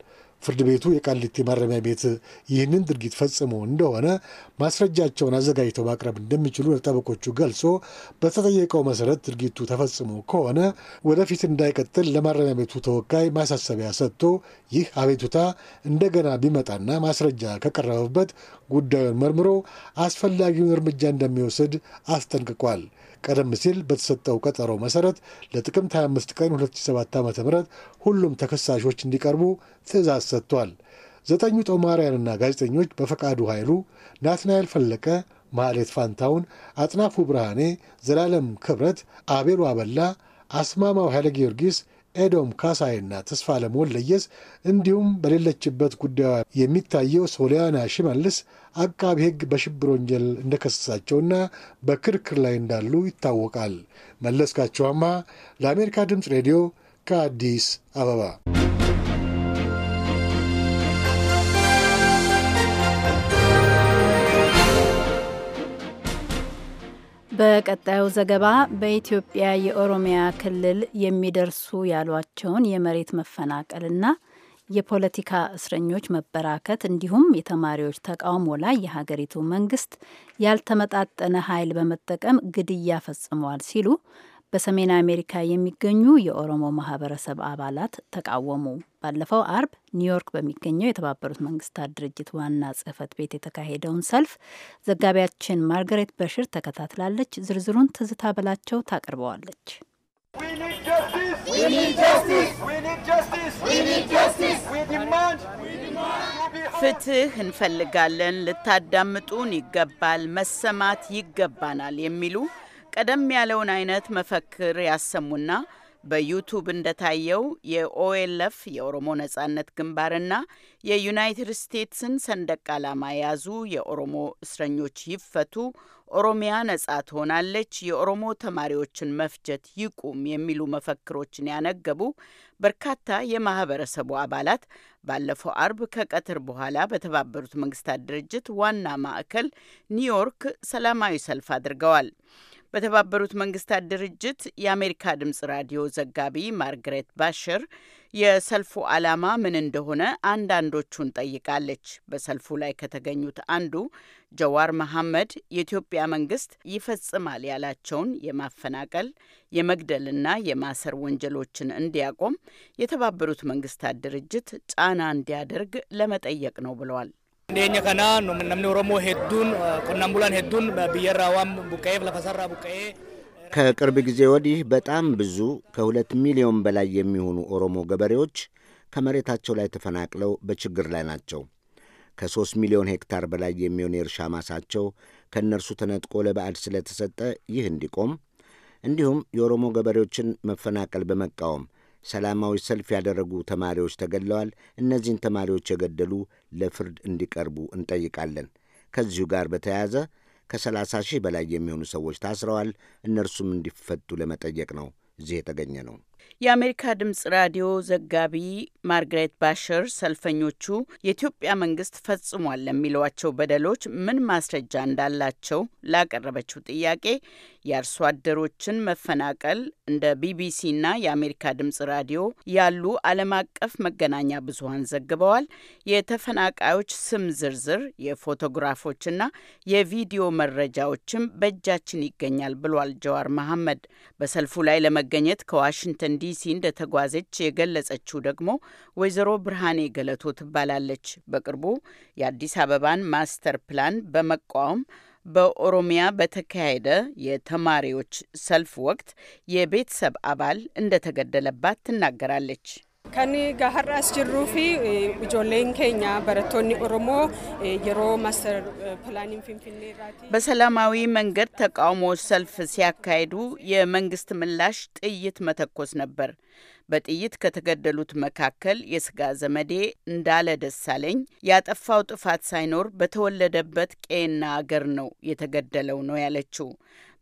ፍርድ ቤቱ የቃሊቲ ማረሚያ ቤት ይህንን ድርጊት ፈጽሞ እንደሆነ ማስረጃቸውን አዘጋጅተው ማቅረብ እንደሚችሉ ለጠበቆቹ ገልጾ በተጠየቀው መሰረት ድርጊቱ ተፈጽሞ ከሆነ ወደፊት እንዳይቀጥል ለማረሚያ ቤቱ ተወካይ ማሳሰቢያ ሰጥቶ ይህ አቤቱታ እንደገና ቢመጣና ማስረጃ ከቀረበበት ጉዳዩን መርምሮ አስፈላጊውን እርምጃ እንደሚወስድ አስጠንቅቋል። ቀደም ሲል በተሰጠው ቀጠሮ መሰረት ለጥቅምት 25 ቀን 2007 ዓ ም ሁሉም ተከሳሾች እንዲቀርቡ ትእዛዝ ሰጥቷል። ዘጠኙ ጦማርያንና ጋዜጠኞች በፈቃዱ ኃይሉ፣ ናትናኤል ፈለቀ፣ ማህሌት ፋንታውን፣ አጥናፉ ብርሃኔ፣ ዘላለም ክብረት፣ አቤሉ አበላ፣ አስማማው ኃይለ ጊዮርጊስ ኤዶም ካሳይና ተስፋለም ለየስ እንዲሁም በሌለችበት ጉዳዩ የሚታየው ሶሊያና ሽመልስ አቃቢ ሕግ በሽብር ወንጀል እንደከሰሳቸውና በክርክር ላይ እንዳሉ ይታወቃል። መለስካቸዋማ ለአሜሪካ ድምፅ ሬዲዮ ከአዲስ አበባ በቀጣዩ ዘገባ በኢትዮጵያ የኦሮሚያ ክልል የሚደርሱ ያሏቸውን የመሬት መፈናቀልና የፖለቲካ እስረኞች መበራከት እንዲሁም የተማሪዎች ተቃውሞ ላይ የሀገሪቱ መንግስት ያልተመጣጠነ ኃይል በመጠቀም ግድያ ፈጽመዋል ሲሉ በሰሜን አሜሪካ የሚገኙ የኦሮሞ ማህበረሰብ አባላት ተቃወሙ። ባለፈው አርብ ኒውዮርክ በሚገኘው የተባበሩት መንግስታት ድርጅት ዋና ጽህፈት ቤት የተካሄደውን ሰልፍ ዘጋቢያችን ማርገሬት በሽር ተከታትላለች። ዝርዝሩን ትዝታ በላቸው ታቀርበዋለች። ፍትህ እንፈልጋለን፣ ልታዳምጡን ይገባል፣ መሰማት ይገባናል የሚሉ ቀደም ያለውን አይነት መፈክር ያሰሙና በዩቱብ እንደታየው የኦኤልኤፍ የኦሮሞ ነጻነት ግንባርና የዩናይትድ ስቴትስን ሰንደቅ ዓላማ የያዙ የኦሮሞ እስረኞች ይፈቱ፣ ኦሮሚያ ነጻ ትሆናለች፣ የኦሮሞ ተማሪዎችን መፍጀት ይቁም የሚሉ መፈክሮችን ያነገቡ በርካታ የማህበረሰቡ አባላት ባለፈው አርብ ከቀትር በኋላ በተባበሩት መንግስታት ድርጅት ዋና ማዕከል ኒውዮርክ ሰላማዊ ሰልፍ አድርገዋል። በተባበሩት መንግስታት ድርጅት የአሜሪካ ድምጽ ራዲዮ ዘጋቢ ማርግሬት ባሽር የሰልፉ ዓላማ ምን እንደሆነ አንዳንዶቹን ጠይቃለች። በሰልፉ ላይ ከተገኙት አንዱ ጀዋር መሐመድ የኢትዮጵያ መንግስት ይፈጽማል ያላቸውን የማፈናቀል የመግደልና የማሰር ወንጀሎችን እንዲያቆም የተባበሩት መንግስታት ድርጅት ጫና እንዲያደርግ ለመጠየቅ ነው ብለዋል። Dhiyeenya kana namni Oromoo hedduun eh, qonnaan bulaan hedduun eh, biyyarraa waan buqqa'eef lafasaarraa buqqa'ee eh, ከቅርብ ጊዜ ወዲህ በጣም ብዙ ከሁለት ሚሊዮን በላይ የሚሆኑ ኦሮሞ ገበሬዎች ከመሬታቸው ላይ ተፈናቅለው በችግር ላይ ናቸው። ከሦስት ሚሊዮን ሄክታር በላይ የሚሆን የእርሻ ማሳቸው ከእነርሱ ተነጥቆ ለባዕድ ስለተሰጠ ይህ እንዲቆም እንዲሁም የኦሮሞ ገበሬዎችን መፈናቀል በመቃወም ሰላማዊ ሰልፍ ያደረጉ ተማሪዎች ተገድለዋል። እነዚህን ተማሪዎች የገደሉ ለፍርድ እንዲቀርቡ እንጠይቃለን። ከዚሁ ጋር በተያያዘ ከሰላሳ ሺህ በላይ የሚሆኑ ሰዎች ታስረዋል። እነርሱም እንዲፈቱ ለመጠየቅ ነው እዚህ የተገኘ ነው። የአሜሪካ ድምጽ ራዲዮ ዘጋቢ ማርግሬት ባሸር ሰልፈኞቹ የኢትዮጵያ መንግስት ፈጽሟል ለሚሏቸው በደሎች ምን ማስረጃ እንዳላቸው ላቀረበችው ጥያቄ የአርሶ አደሮችን መፈናቀል እንደ ቢቢሲና የአሜሪካ ድምጽ ራዲዮ ያሉ ዓለም አቀፍ መገናኛ ብዙሀን ዘግበዋል። የተፈናቃዮች ስም ዝርዝር፣ የፎቶግራፎችና የቪዲዮ መረጃዎችም በእጃችን ይገኛል ብሏል ጀዋር መሐመድ። በሰልፉ ላይ ለመገኘት ከዋሽንግተን ዲሲ እንደተጓዘች የገለጸችው ደግሞ ወይዘሮ ብርሃኔ ገለቶ ትባላለች። በቅርቡ የአዲስ አበባን ማስተር ፕላን በመቃወም በኦሮሚያ በተካሄደ የተማሪዎች ሰልፍ ወቅት የቤተሰብ አባል እንደተገደለባት ትናገራለች። Kan gaharraa as fi e, ijoolleen keenya barattoonni ኦሮሞ e, yeroo ማስተር ፕላኒን ፊንፊኔ በሰላማዊ መንገድ ተቃውሞ ሰልፍ ሲያካሂዱ የመንግስት ምላሽ ጥይት መተኮስ ነበር። በጥይት ከተገደሉት መካከል የስጋ ዘመዴ እንዳለ ደሳለኝ ያጠፋው ጥፋት ሳይኖር በተወለደበት ቄና አገር ነው የተገደለው ነው ያለችው።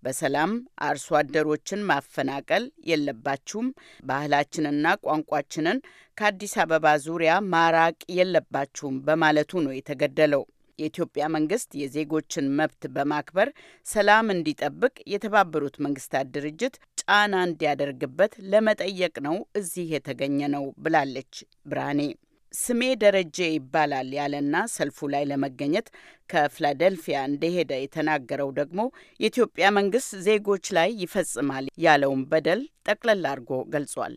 በሰላም አርሶ አደሮችን ማፈናቀል የለባችሁም፣ ባህላችንና ቋንቋችንን ከአዲስ አበባ ዙሪያ ማራቅ የለባችሁም በማለቱ ነው የተገደለው። የኢትዮጵያ መንግስት የዜጎችን መብት በማክበር ሰላም እንዲጠብቅ የተባበሩት መንግስታት ድርጅት ጫና እንዲያደርግበት ለመጠየቅ ነው እዚህ የተገኘ ነው ብላለች ብርሃኔ። ስሜ ደረጀ ይባላል ያለና ሰልፉ ላይ ለመገኘት ከፊላደልፊያ እንደሄደ የተናገረው ደግሞ የኢትዮጵያ መንግስት ዜጎች ላይ ይፈጽማል ያለውን በደል ጠቅለል አድርጎ ገልጿል።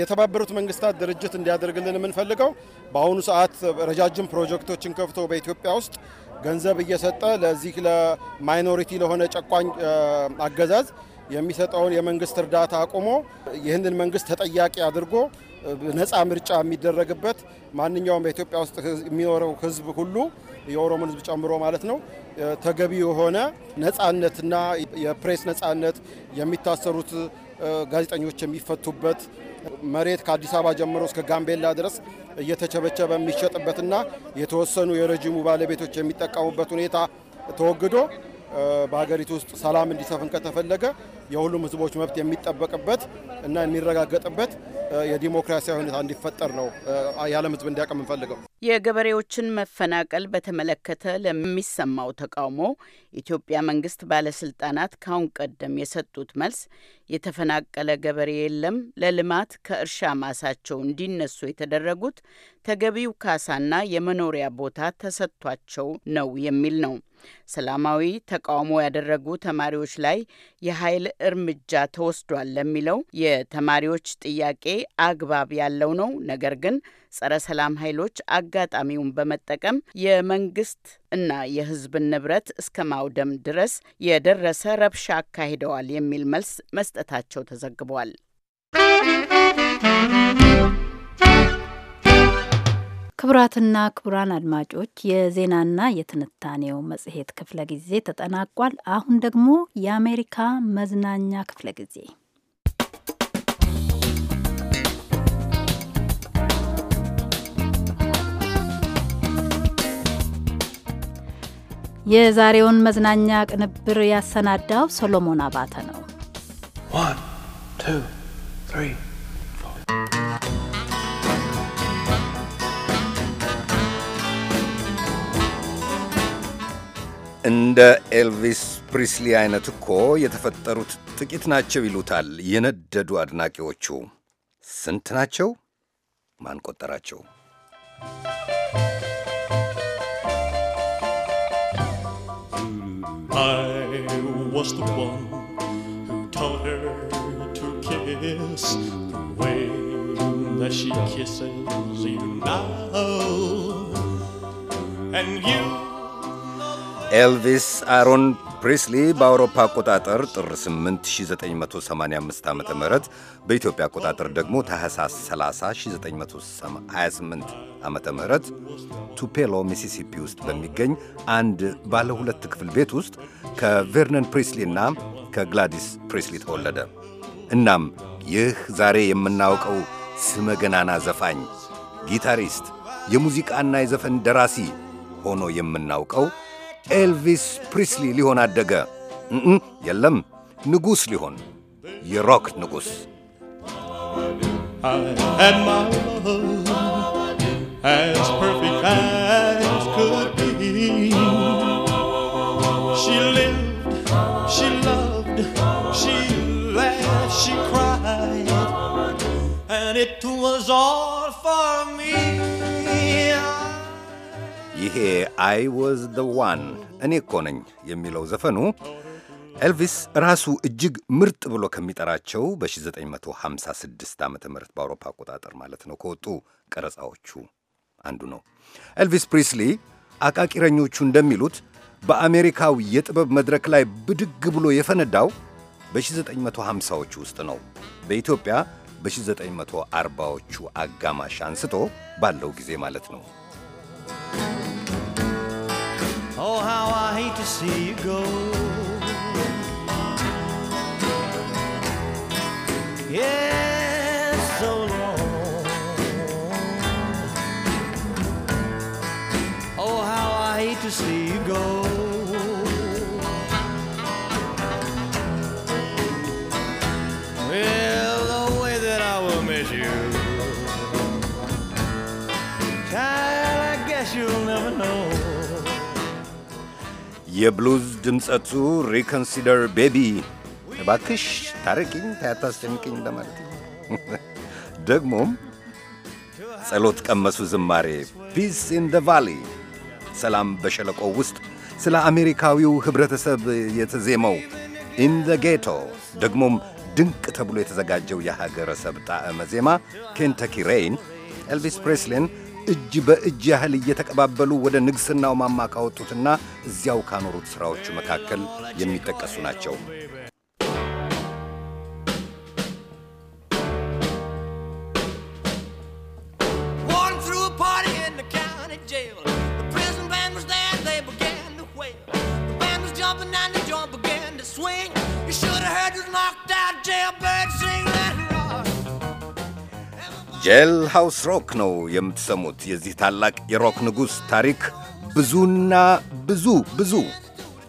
የተባበሩት መንግስታት ድርጅት እንዲያደርግልን የምንፈልገው በአሁኑ ሰዓት ረጃጅም ፕሮጀክቶችን ከፍቶ በኢትዮጵያ ውስጥ ገንዘብ እየሰጠ ለዚህ ለማይኖሪቲ ለሆነ ጨቋኝ አገዛዝ የሚሰጠውን የመንግስት እርዳታ አቁሞ ይህንን መንግስት ተጠያቂ አድርጎ ነፃ ምርጫ የሚደረግበት ማንኛውም በኢትዮጵያ ውስጥ የሚኖረው ህዝብ ሁሉ የኦሮሞን ህዝብ ጨምሮ ማለት ነው ተገቢ የሆነ ነፃነትና የፕሬስ ነፃነት የሚታሰሩት ጋዜጠኞች የሚፈቱበት መሬት ከአዲስ አበባ ጀምሮ እስከ ጋምቤላ ድረስ እየተቸበቸበ የሚሸጥበትና የተወሰኑ የረዥሙ ባለቤቶች የሚጠቀሙበት ሁኔታ ተወግዶ በሀገሪቱ ውስጥ ሰላም እንዲሰፍን ከተፈለገ የሁሉም ህዝቦች መብት የሚጠበቅበት እና የሚረጋገጥበት የዲሞክራሲያዊ ሁኔታ እንዲፈጠር ነው የዓለም ህዝብ እንዲያውቅ የምንፈልገው። የገበሬዎችን መፈናቀል በተመለከተ ለሚሰማው ተቃውሞ የኢትዮጵያ መንግስት ባለስልጣናት ካሁን ቀደም የሰጡት መልስ የተፈናቀለ ገበሬ የለም፣ ለልማት ከእርሻ ማሳቸው እንዲነሱ የተደረጉት ተገቢው ካሳና የመኖሪያ ቦታ ተሰጥቷቸው ነው የሚል ነው። ሰላማዊ ተቃውሞ ያደረጉ ተማሪዎች ላይ የኃይል እርምጃ ተወስዷል ለሚለው የተማሪዎች ጥያቄ አግባብ ያለው ነው ነገር ግን ጸረ ሰላም ኃይሎች አጋጣሚውን በመጠቀም የመንግስት እና የህዝብን ንብረት እስከ ማውደም ድረስ የደረሰ ረብሻ አካሂደዋል የሚል መልስ መስጠታቸው ተዘግቧል። ክቡራትና ክቡራን አድማጮች የዜናና የትንታኔው መጽሔት ክፍለ ጊዜ ተጠናቋል። አሁን ደግሞ የአሜሪካ መዝናኛ ክፍለ ጊዜ የዛሬውን መዝናኛ ቅንብር ያሰናዳው ሶሎሞን አባተ ነው። እንደ ኤልቪስ ፕሪስሊ አይነት እኮ የተፈጠሩት ጥቂት ናቸው ይሉታል የነደዱ አድናቂዎቹ። ስንት ናቸው? ማን ቆጠራቸው? I was the one who taught her to kiss the way that she kisses even now. And you. Elvis Aaron ፕሪስሊ በአውሮፓ አቆጣጠር ጥር 8985 ዓ ም በኢትዮጵያ አቆጣጠር ደግሞ ታህሳስ 30 1928 ዓ ም ቱፔሎ ሚሲሲፒ ውስጥ በሚገኝ አንድ ባለ ሁለት ክፍል ቤት ውስጥ ከቨርነን ፕሪስሊ እና ከግላዲስ ፕሪስሊ ተወለደ። እናም ይህ ዛሬ የምናውቀው ስመ ገናና ዘፋኝ፣ ጊታሪስት፣ የሙዚቃና የዘፈን ደራሲ ሆኖ የምናውቀው ኤልቪስ ፕሪስሊ ሊሆን አደገ። የለም ንጉሥ ሊሆን የሮክ ንጉሥ As perfect as could be. She lived, she loved, she laughed, she cried, and it was all. ይሄ አይ ወዝ ደ ዋን እኔ እኮ ነኝ የሚለው ዘፈኑ ኤልቪስ ራሱ እጅግ ምርጥ ብሎ ከሚጠራቸው በ1956 ዓ ም በአውሮፓ አቆጣጠር ማለት ነው ከወጡ ቀረጻዎቹ አንዱ ነው። ኤልቪስ ፕሪስሊ አቃቂረኞቹ እንደሚሉት በአሜሪካው የጥበብ መድረክ ላይ ብድግ ብሎ የፈነዳው በ1950ዎቹ ውስጥ ነው። በኢትዮጵያ በ1940ዎቹ አጋማሽ አንስቶ ባለው ጊዜ ማለት ነው። Oh, how I hate to see you go. Yeah. የብሉዝ ድምፀቱ ሪኮንሲደር ቤቢ እባክሽ ታረቂኝ ታያታስጨንቅኝ ለማለት ደግሞም ጸሎት ቀመሱ ዝማሬ ፒስ ኢን ደ ቫሊ ሰላም በሸለቆው ውስጥ ስለ አሜሪካዊው ኅብረተሰብ የተዜመው ኢን ደ ጌቶ ደግሞም ድንቅ ተብሎ የተዘጋጀው የሀገረሰብ ጣዕመ ዜማ ኬንተኪ ሬይን ኤልቪስ ፕሬስሊን እጅ በእጅ ያህል እየተቀባበሉ ወደ ንግሥናው ማማ ካወጡትና እዚያው ካኖሩት ሥራዎቹ መካከል የሚጠቀሱ ናቸው። ጄል ሃውስ ሮክ ነው የምትሰሙት። የዚህ ታላቅ የሮክ ንጉሥ ታሪክ ብዙና ብዙ ብዙ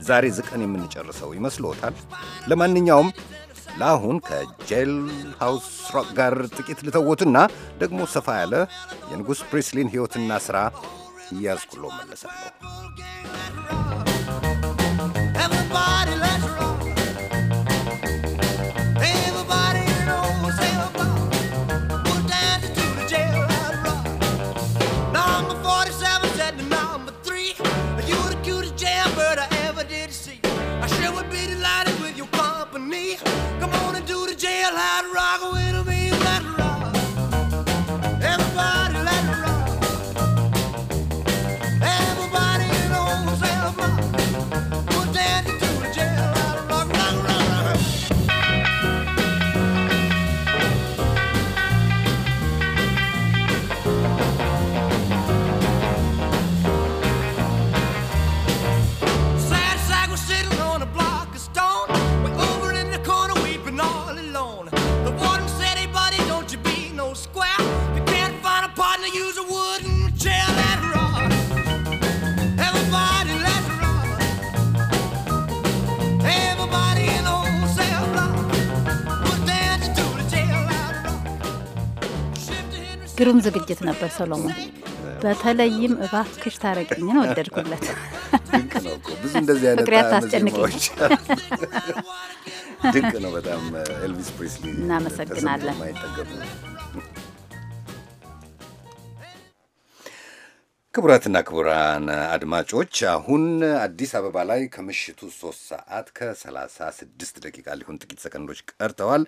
ዛሬ ዝቀን የምንጨርሰው ይመስልዎታል? ለማንኛውም ለአሁን ከጄል ሃውስ ሮክ ጋር ጥቂት ልተውትና ደግሞ ሰፋ ያለ የንጉሥ ፕሪስሊን ሕይወትና ሥራ እያዝኩሎ መለሳለሁ። i ግሩም ዝግጅት ነበር ሰሎሞን። በተለይም እባክሽ ታረቂኝን ወደድኩለት። ብዙ እንደዚህ አይነት ምክንያት ታስጨንቅኝ ድንቅ ነው በጣም ኤልቪስ ፕሪስሊ። እናመሰግናለን። ክቡራትና ክቡራን አድማጮች አሁን አዲስ አበባ ላይ ከምሽቱ ሶስት ሰዓት ከ36 ደቂቃ ሊሆን ጥቂት ሰከንዶች ቀርተዋል።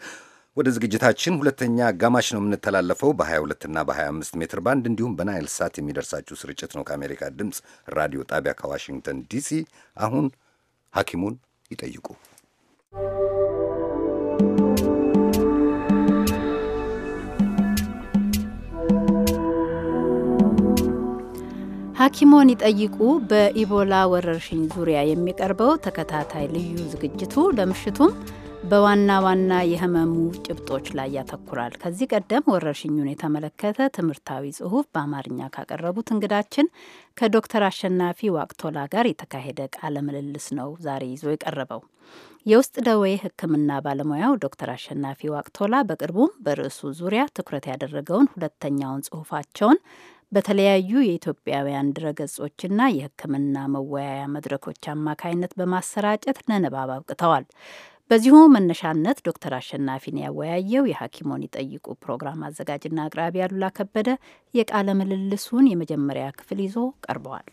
ወደ ዝግጅታችን ሁለተኛ አጋማሽ ነው የምንተላለፈው። በ22 እና በ25 ሜትር ባንድ እንዲሁም በናይል ሳት የሚደርሳችሁ ስርጭት ነው ከአሜሪካ ድምፅ ራዲዮ ጣቢያ ከዋሽንግተን ዲሲ። አሁን ሐኪሙን ይጠይቁ ሐኪሞን ይጠይቁ በኢቦላ ወረርሽኝ ዙሪያ የሚቀርበው ተከታታይ ልዩ ዝግጅቱ ለምሽቱም በዋና ዋና የህመሙ ጭብጦች ላይ ያተኩራል። ከዚህ ቀደም ወረርሽኙን የተመለከተ ትምህርታዊ ጽሁፍ በአማርኛ ካቀረቡት እንግዳችን ከዶክተር አሸናፊ ዋቅቶላ ጋር የተካሄደ ቃለ ምልልስ ነው ዛሬ ይዞ የቀረበው። የውስጥ ደዌ ሕክምና ባለሙያው ዶክተር አሸናፊ ዋቅቶላ በቅርቡም በርዕሱ ዙሪያ ትኩረት ያደረገውን ሁለተኛውን ጽሁፋቸውን በተለያዩ የኢትዮጵያውያን ድረገጾችና የሕክምና መወያያ መድረኮች አማካይነት በማሰራጨት ለንባብ አብቅተዋል። በዚሁ መነሻነት ዶክተር አሸናፊን ያወያየው የሐኪሞን ይጠይቁ ፕሮግራም አዘጋጅና አቅራቢ አሉላ ከበደ የቃለ ምልልሱን የመጀመሪያ ክፍል ይዞ ቀርበዋል።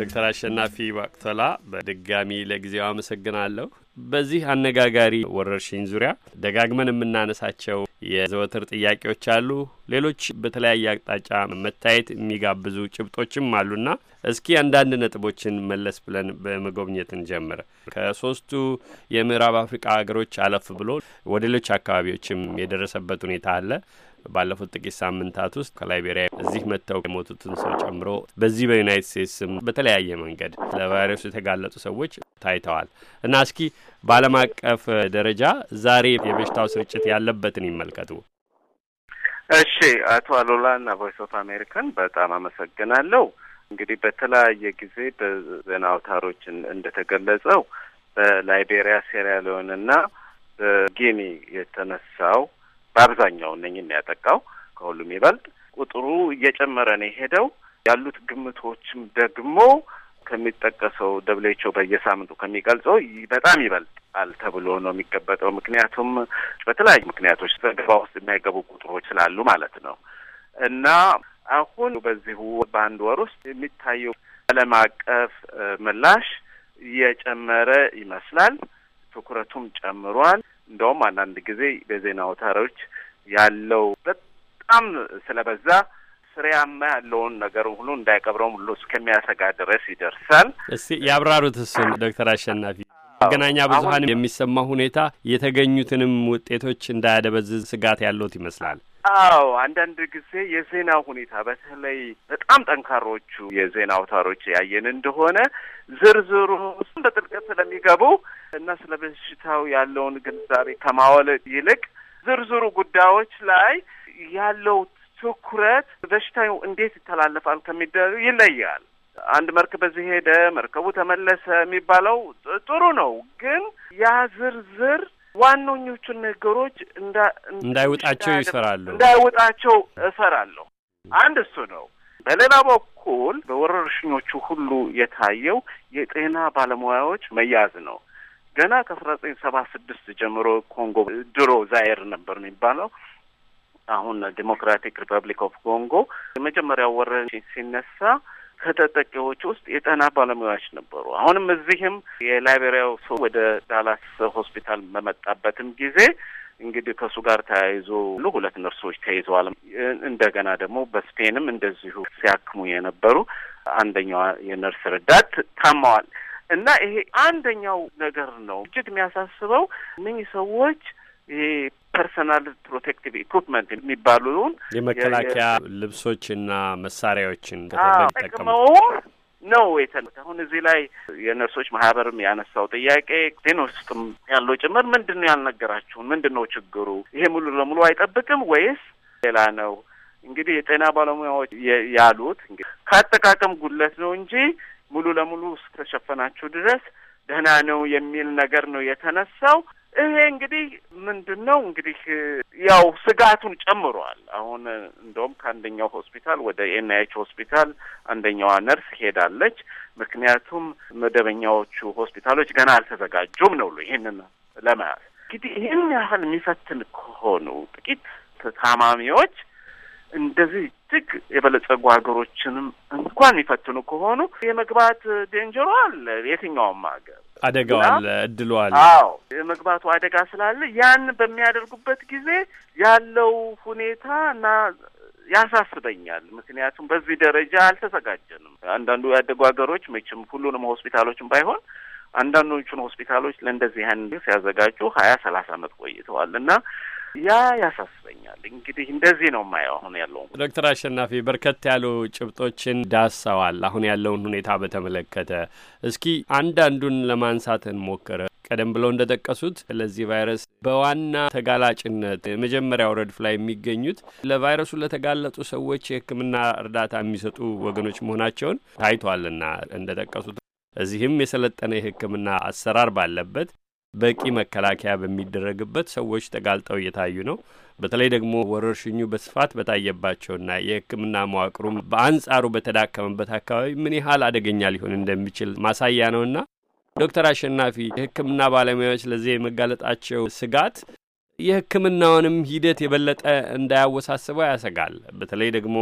ዶክተር አሸናፊ ዋቅቶላ በድጋሚ ለጊዜው አመሰግናለሁ። በዚህ አነጋጋሪ ወረርሽኝ ዙሪያ ደጋግመን የምናነሳቸው የዘወትር ጥያቄዎች አሉ። ሌሎች በተለያየ አቅጣጫ መታየት የሚጋብዙ ጭብጦችም አሉና እስኪ አንዳንድ ነጥቦችን መለስ ብለን በመጎብኘትን ጀምር። ከሶስቱ የምዕራብ አፍሪቃ ሀገሮች አለፍ ብሎ ወደ ሌሎች አካባቢዎችም የደረሰበት ሁኔታ አለ። ባለፉት ጥቂት ሳምንታት ውስጥ ከላይቤሪያ እዚህ መጥተው የሞቱትን ሰው ጨምሮ በዚህ በዩናይት ስቴትስም በተለያየ መንገድ ለቫይረሱ የተጋለጡ ሰዎች ታይተዋል እና እስኪ በዓለም አቀፍ ደረጃ ዛሬ የበሽታው ስርጭት ያለበትን ይመልከቱ። እሺ፣ አቶ አሉላ እና ቮይስ ኦፍ አሜሪካን በጣም አመሰግናለሁ። እንግዲህ በተለያየ ጊዜ በዜና አውታሮች እንደተገለጸው በላይቤሪያ፣ ሴራሊዮን እና በጊኒ የተነሳው በአብዛኛው እነኝን ነው ያጠቃው። ከሁሉም ይበልጥ ቁጥሩ እየጨመረ ነው የሄደው። ያሉት ግምቶችም ደግሞ ከሚጠቀሰው ደብሌቾ በየሳምንቱ ከሚገልጸው በጣም ይበልጣል ተብሎ ነው የሚገበጠው። ምክንያቱም በተለያዩ ምክንያቶች ዘገባ ውስጥ የማይገቡ ቁጥሮች ስላሉ ማለት ነው እና አሁን በዚሁ በአንድ ወር ውስጥ የሚታየው ዓለም አቀፍ ምላሽ እየጨመረ ይመስላል። ትኩረቱም ጨምሯል። እንደውም አንዳንድ ጊዜ በዜና አውታሮች ያለው በጣም ስለበዛ ስሪያማ ያለውን ነገር ሁሉ እንዳይቀብረውም ሁሉ እስከሚያሰጋ ድረስ ይደርሳል። እስቲ ያብራሩት እሱን ዶክተር አሸናፊ መገናኛ ብዙኃን የሚሰማ ሁኔታ የተገኙትንም ውጤቶች እንዳያደበዝዝ ስጋት ያለዎት ይመስላል። አዎ አንዳንድ ጊዜ የዜና ሁኔታ በተለይ በጣም ጠንካሮቹ የዜና አውታሮች ያየን እንደሆነ ዝርዝሩ በጥልቀት ስለሚገቡ እና ስለ በሽታው ያለውን ግንዛቤ ከማወል ይልቅ ዝርዝሩ ጉዳዮች ላይ ያለው ትኩረት በሽታው እንዴት ይተላለፋል ከሚደረግ ይለያል። አንድ መርከብ በዚህ ሄደ፣ መርከቡ ተመለሰ የሚባለው ጥሩ ነው፣ ግን ያ ዝርዝር ዋነኞቹን ነገሮች እንዳይወጣቸው ይፈራሉ። እንዳይወጣቸው እሰራለሁ። አንድ እሱ ነው። በሌላ በኩል በወረርሽኞቹ ሁሉ የታየው የጤና ባለሙያዎች መያዝ ነው። ገና ከአስራ ዘጠኝ ሰባ ስድስት ጀምሮ ኮንጎ ድሮ ዛየር ነበር የሚባለው አሁን ዲሞክራቲክ ሪፐብሊክ ኦፍ ኮንጎ የመጀመሪያው ወረርሽኝ ሲነሳ ከተጠቂዎች ውስጥ የጤና ባለሙያዎች ነበሩ። አሁንም እዚህም የላይቤሪያው ሰው ወደ ዳላስ ሆስፒታል በመጣበትም ጊዜ እንግዲህ ከእሱ ጋር ተያይዞ ሁለት ነርሶች ተይዘዋል። እንደገና ደግሞ በስፔንም እንደዚሁ ሲያክሙ የነበሩ አንደኛዋ የነርስ ረዳት ታማዋል። እና ይሄ አንደኛው ነገር ነው እጅግ የሚያሳስበው እነኚህ ሰዎች ይሄ ፐርሰናል ፕሮቴክቲቭ ኢኩፕመንት የሚባሉን የመከላከያ ልብሶችና መሳሪያዎችን ጠቅመው ነው የተ አሁን እዚህ ላይ የነርሶች ማህበርም ያነሳው ጥያቄ ዜና ውስጥም ያለው ጭምር ምንድን ነው ያልነገራችሁን? ምንድን ነው ችግሩ? ይሄ ሙሉ ለሙሉ አይጠብቅም ወይስ ሌላ ነው? እንግዲህ የጤና ባለሙያዎች ያሉት እንግዲህ ከአጠቃቀም ጉድለት ነው እንጂ ሙሉ ለሙሉ እስከተሸፈናችሁ ድረስ ደህና ነው የሚል ነገር ነው የተነሳው። ይሄ እንግዲህ ምንድን ነው እንግዲህ ያው ስጋቱን ጨምሯል። አሁን እንደውም ከአንደኛው ሆስፒታል ወደ ኤንአይች ሆስፒታል አንደኛዋ ነርስ ሄዳለች። ምክንያቱም መደበኛዎቹ ሆስፒታሎች ገና አልተዘጋጁም ነው ይህንን ለመያዝ እንግዲህ ይህን ያህል የሚፈትን ከሆኑ ጥቂት ታማሚዎች እንደዚህ እጅግ የበለጸጉ ሀገሮችንም እንኳን የሚፈትኑ ከሆኑ የመግባት ዴንጀሮ አለ የትኛውም ሀገር አደጋው አለ፣ እድሉ አለ። አዎ የመግባቱ አደጋ ስላለ ያን በሚያደርጉበት ጊዜ ያለው ሁኔታ እና ያሳስበኛል። ምክንያቱም በዚህ ደረጃ አልተዘጋጀንም። አንዳንዱ ያደጉ ሀገሮች መቼም ሁሉንም ሆስፒታሎችን ባይሆን አንዳንዶቹን ሆስፒታሎች ለእንደዚህ ያን ሲያዘጋጁ ሀያ ሰላሳ አመት ቆይተዋል እና ያ ያሳስበኛል። እንግዲህ እንደዚህ ነው የማየው አሁን ያለው። ዶክተር አሸናፊ በርከት ያሉ ጭብጦችን ዳሰዋል። አሁን ያለውን ሁኔታ በተመለከተ እስኪ አንዳንዱን ለማንሳት እንሞክር። ቀደም ብለው እንደጠቀሱት ለዚህ ቫይረስ በዋና ተጋላጭነት የመጀመሪያው ረድፍ ላይ የሚገኙት ለቫይረሱ ለተጋለጡ ሰዎች የሕክምና እርዳታ የሚሰጡ ወገኖች መሆናቸውን ታይቷልና ጠቀሱት እዚህም የሰለጠነ የሕክምና አሰራር ባለበት በቂ መከላከያ በሚደረግበት ሰዎች ተጋልጠው እየታዩ ነው። በተለይ ደግሞ ወረርሽኙ በስፋት በታየባቸውና የሕክምና መዋቅሩም በአንጻሩ በተዳከመበት አካባቢ ምን ያህል አደገኛ ሊሆን እንደሚችል ማሳያ ነውና ዶክተር አሸናፊ የሕክምና ባለሙያዎች ለዚህ የመጋለጣቸው ስጋት የሕክምናውንም ሂደት የበለጠ እንዳያወሳስበው ያሰጋል። በተለይ ደግሞ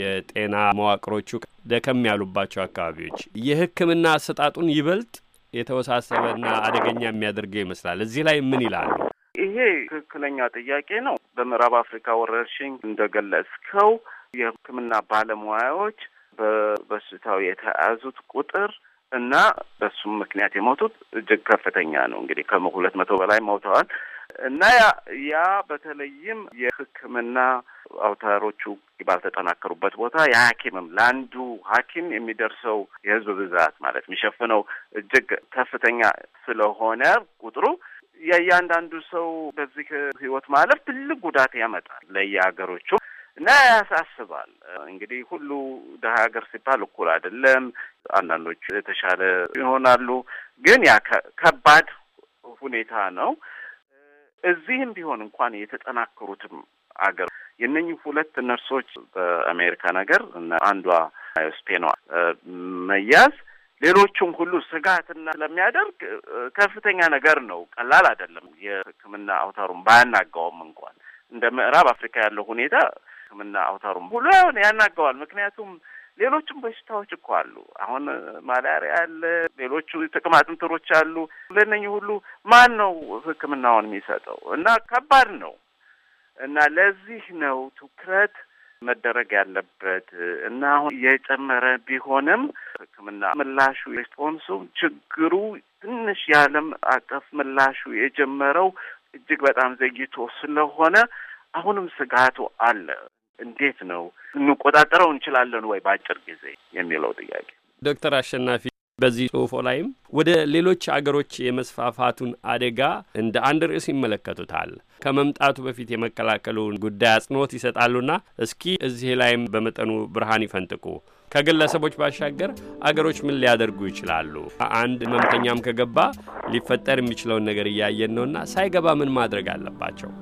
የጤና መዋቅሮቹ ደከም ያሉባቸው አካባቢዎች የሕክምና አሰጣጡን ይበልጥ የተወሳሰበና አደገኛ የሚያደርገው ይመስላል። እዚህ ላይ ምን ይላሉ? ይሄ ትክክለኛ ጥያቄ ነው። በምዕራብ አፍሪካ ወረርሽኝ እንደገለጽከው የሕክምና ባለሙያዎች በበሽታው የተያዙት ቁጥር እና በሱም ምክንያት የሞቱት እጅግ ከፍተኛ ነው። እንግዲህ ከሁለት መቶ በላይ ሞተዋል። እና ያ በተለይም የሕክምና አውታሮቹ ባልተጠናከሩበት ቦታ የሐኪምም ለአንዱ ሐኪም የሚደርሰው የህዝብ ብዛት ማለት የሚሸፍነው እጅግ ከፍተኛ ስለሆነ ቁጥሩ የእያንዳንዱ ሰው በዚህ ህይወት ማለፍ ትልቅ ጉዳት ያመጣል ለየሀገሮቹ እና ያሳስባል። እንግዲህ ሁሉ ደሀ ሀገር ሲባል እኩል አይደለም። አንዳንዶቹ የተሻለ ይሆናሉ፣ ግን ያ ከባድ ሁኔታ ነው። እዚህም ቢሆን እንኳን የተጠናከሩትም አገር የእነኝህ ሁለት ነርሶች በአሜሪካ ነገር እና አንዷ ስፔኗ መያዝ ሌሎቹም ሁሉ ስጋትና ስለሚያደርግ ከፍተኛ ነገር ነው። ቀላል አይደለም። የሕክምና አውታሩም ባያናጋውም እንኳን እንደ ምዕራብ አፍሪካ ያለው ሁኔታ ሕክምና አውታሩም ሁሉ ያናጋዋል። ምክንያቱም ሌሎችም በሽታዎች እኮ አሉ። አሁን ማላሪያ አለ፣ ሌሎቹ ጥቅማጥምትሮች አሉ። ለነኝ ሁሉ ማን ነው ሕክምናውን የሚሰጠው? እና ከባድ ነው እና ለዚህ ነው ትኩረት መደረግ ያለበት እና አሁን የጨመረ ቢሆንም ሕክምና ምላሹ ሪስፖንሱ ችግሩ ትንሽ የዓለም አቀፍ ምላሹ የጀመረው እጅግ በጣም ዘግይቶ ስለሆነ አሁንም ስጋቱ አለ። እንዴት ነው እንቆጣጠረው እንችላለን ወይ በአጭር ጊዜ የሚለው ጥያቄ። ዶክተር አሸናፊ በዚህ ጽሁፎ ላይም ወደ ሌሎች አገሮች የመስፋፋቱን አደጋ እንደ አንድ ርዕስ ይመለከቱታል። ከመምጣቱ በፊት የመከላከሉን ጉዳይ አጽንኦት ይሰጣሉና እስኪ እዚህ ላይም በመጠኑ ብርሃን ይፈንጥቁ። ከግለሰቦች ባሻገር አገሮች ምን ሊያደርጉ ይችላሉ? አንድ ህመምተኛም ከገባ ሊፈጠር የሚችለውን ነገር እያየን ነውና ሳይገባ ምን ማድረግ አለባቸው?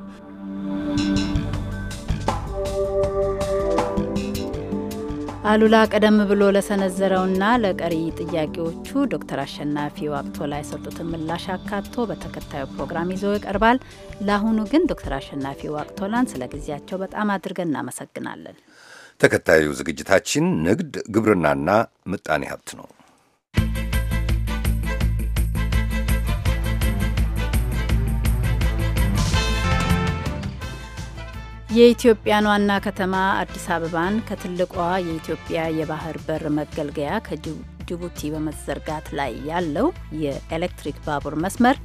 አሉላ ቀደም ብሎ ለሰነዘረውና ለቀሪ ጥያቄዎቹ ዶክተር አሸናፊ ዋቅቶ ላይ የሰጡትን ምላሽ አካቶ በተከታዩ ፕሮግራም ይዞ ይቀርባል። ለአሁኑ ግን ዶክተር አሸናፊ ዋቅቶላን ስለ ጊዜያቸው በጣም አድርገን እናመሰግናለን። ተከታዩ ዝግጅታችን ንግድ፣ ግብርናና ምጣኔ ሀብት ነው። የኢትዮጵያን ዋና ከተማ አዲስ አበባን ከትልቋ የኢትዮጵያ የባህር በር መገልገያ ከጅቡቲ በመዘርጋት ላይ ያለው የኤሌክትሪክ ባቡር መስመር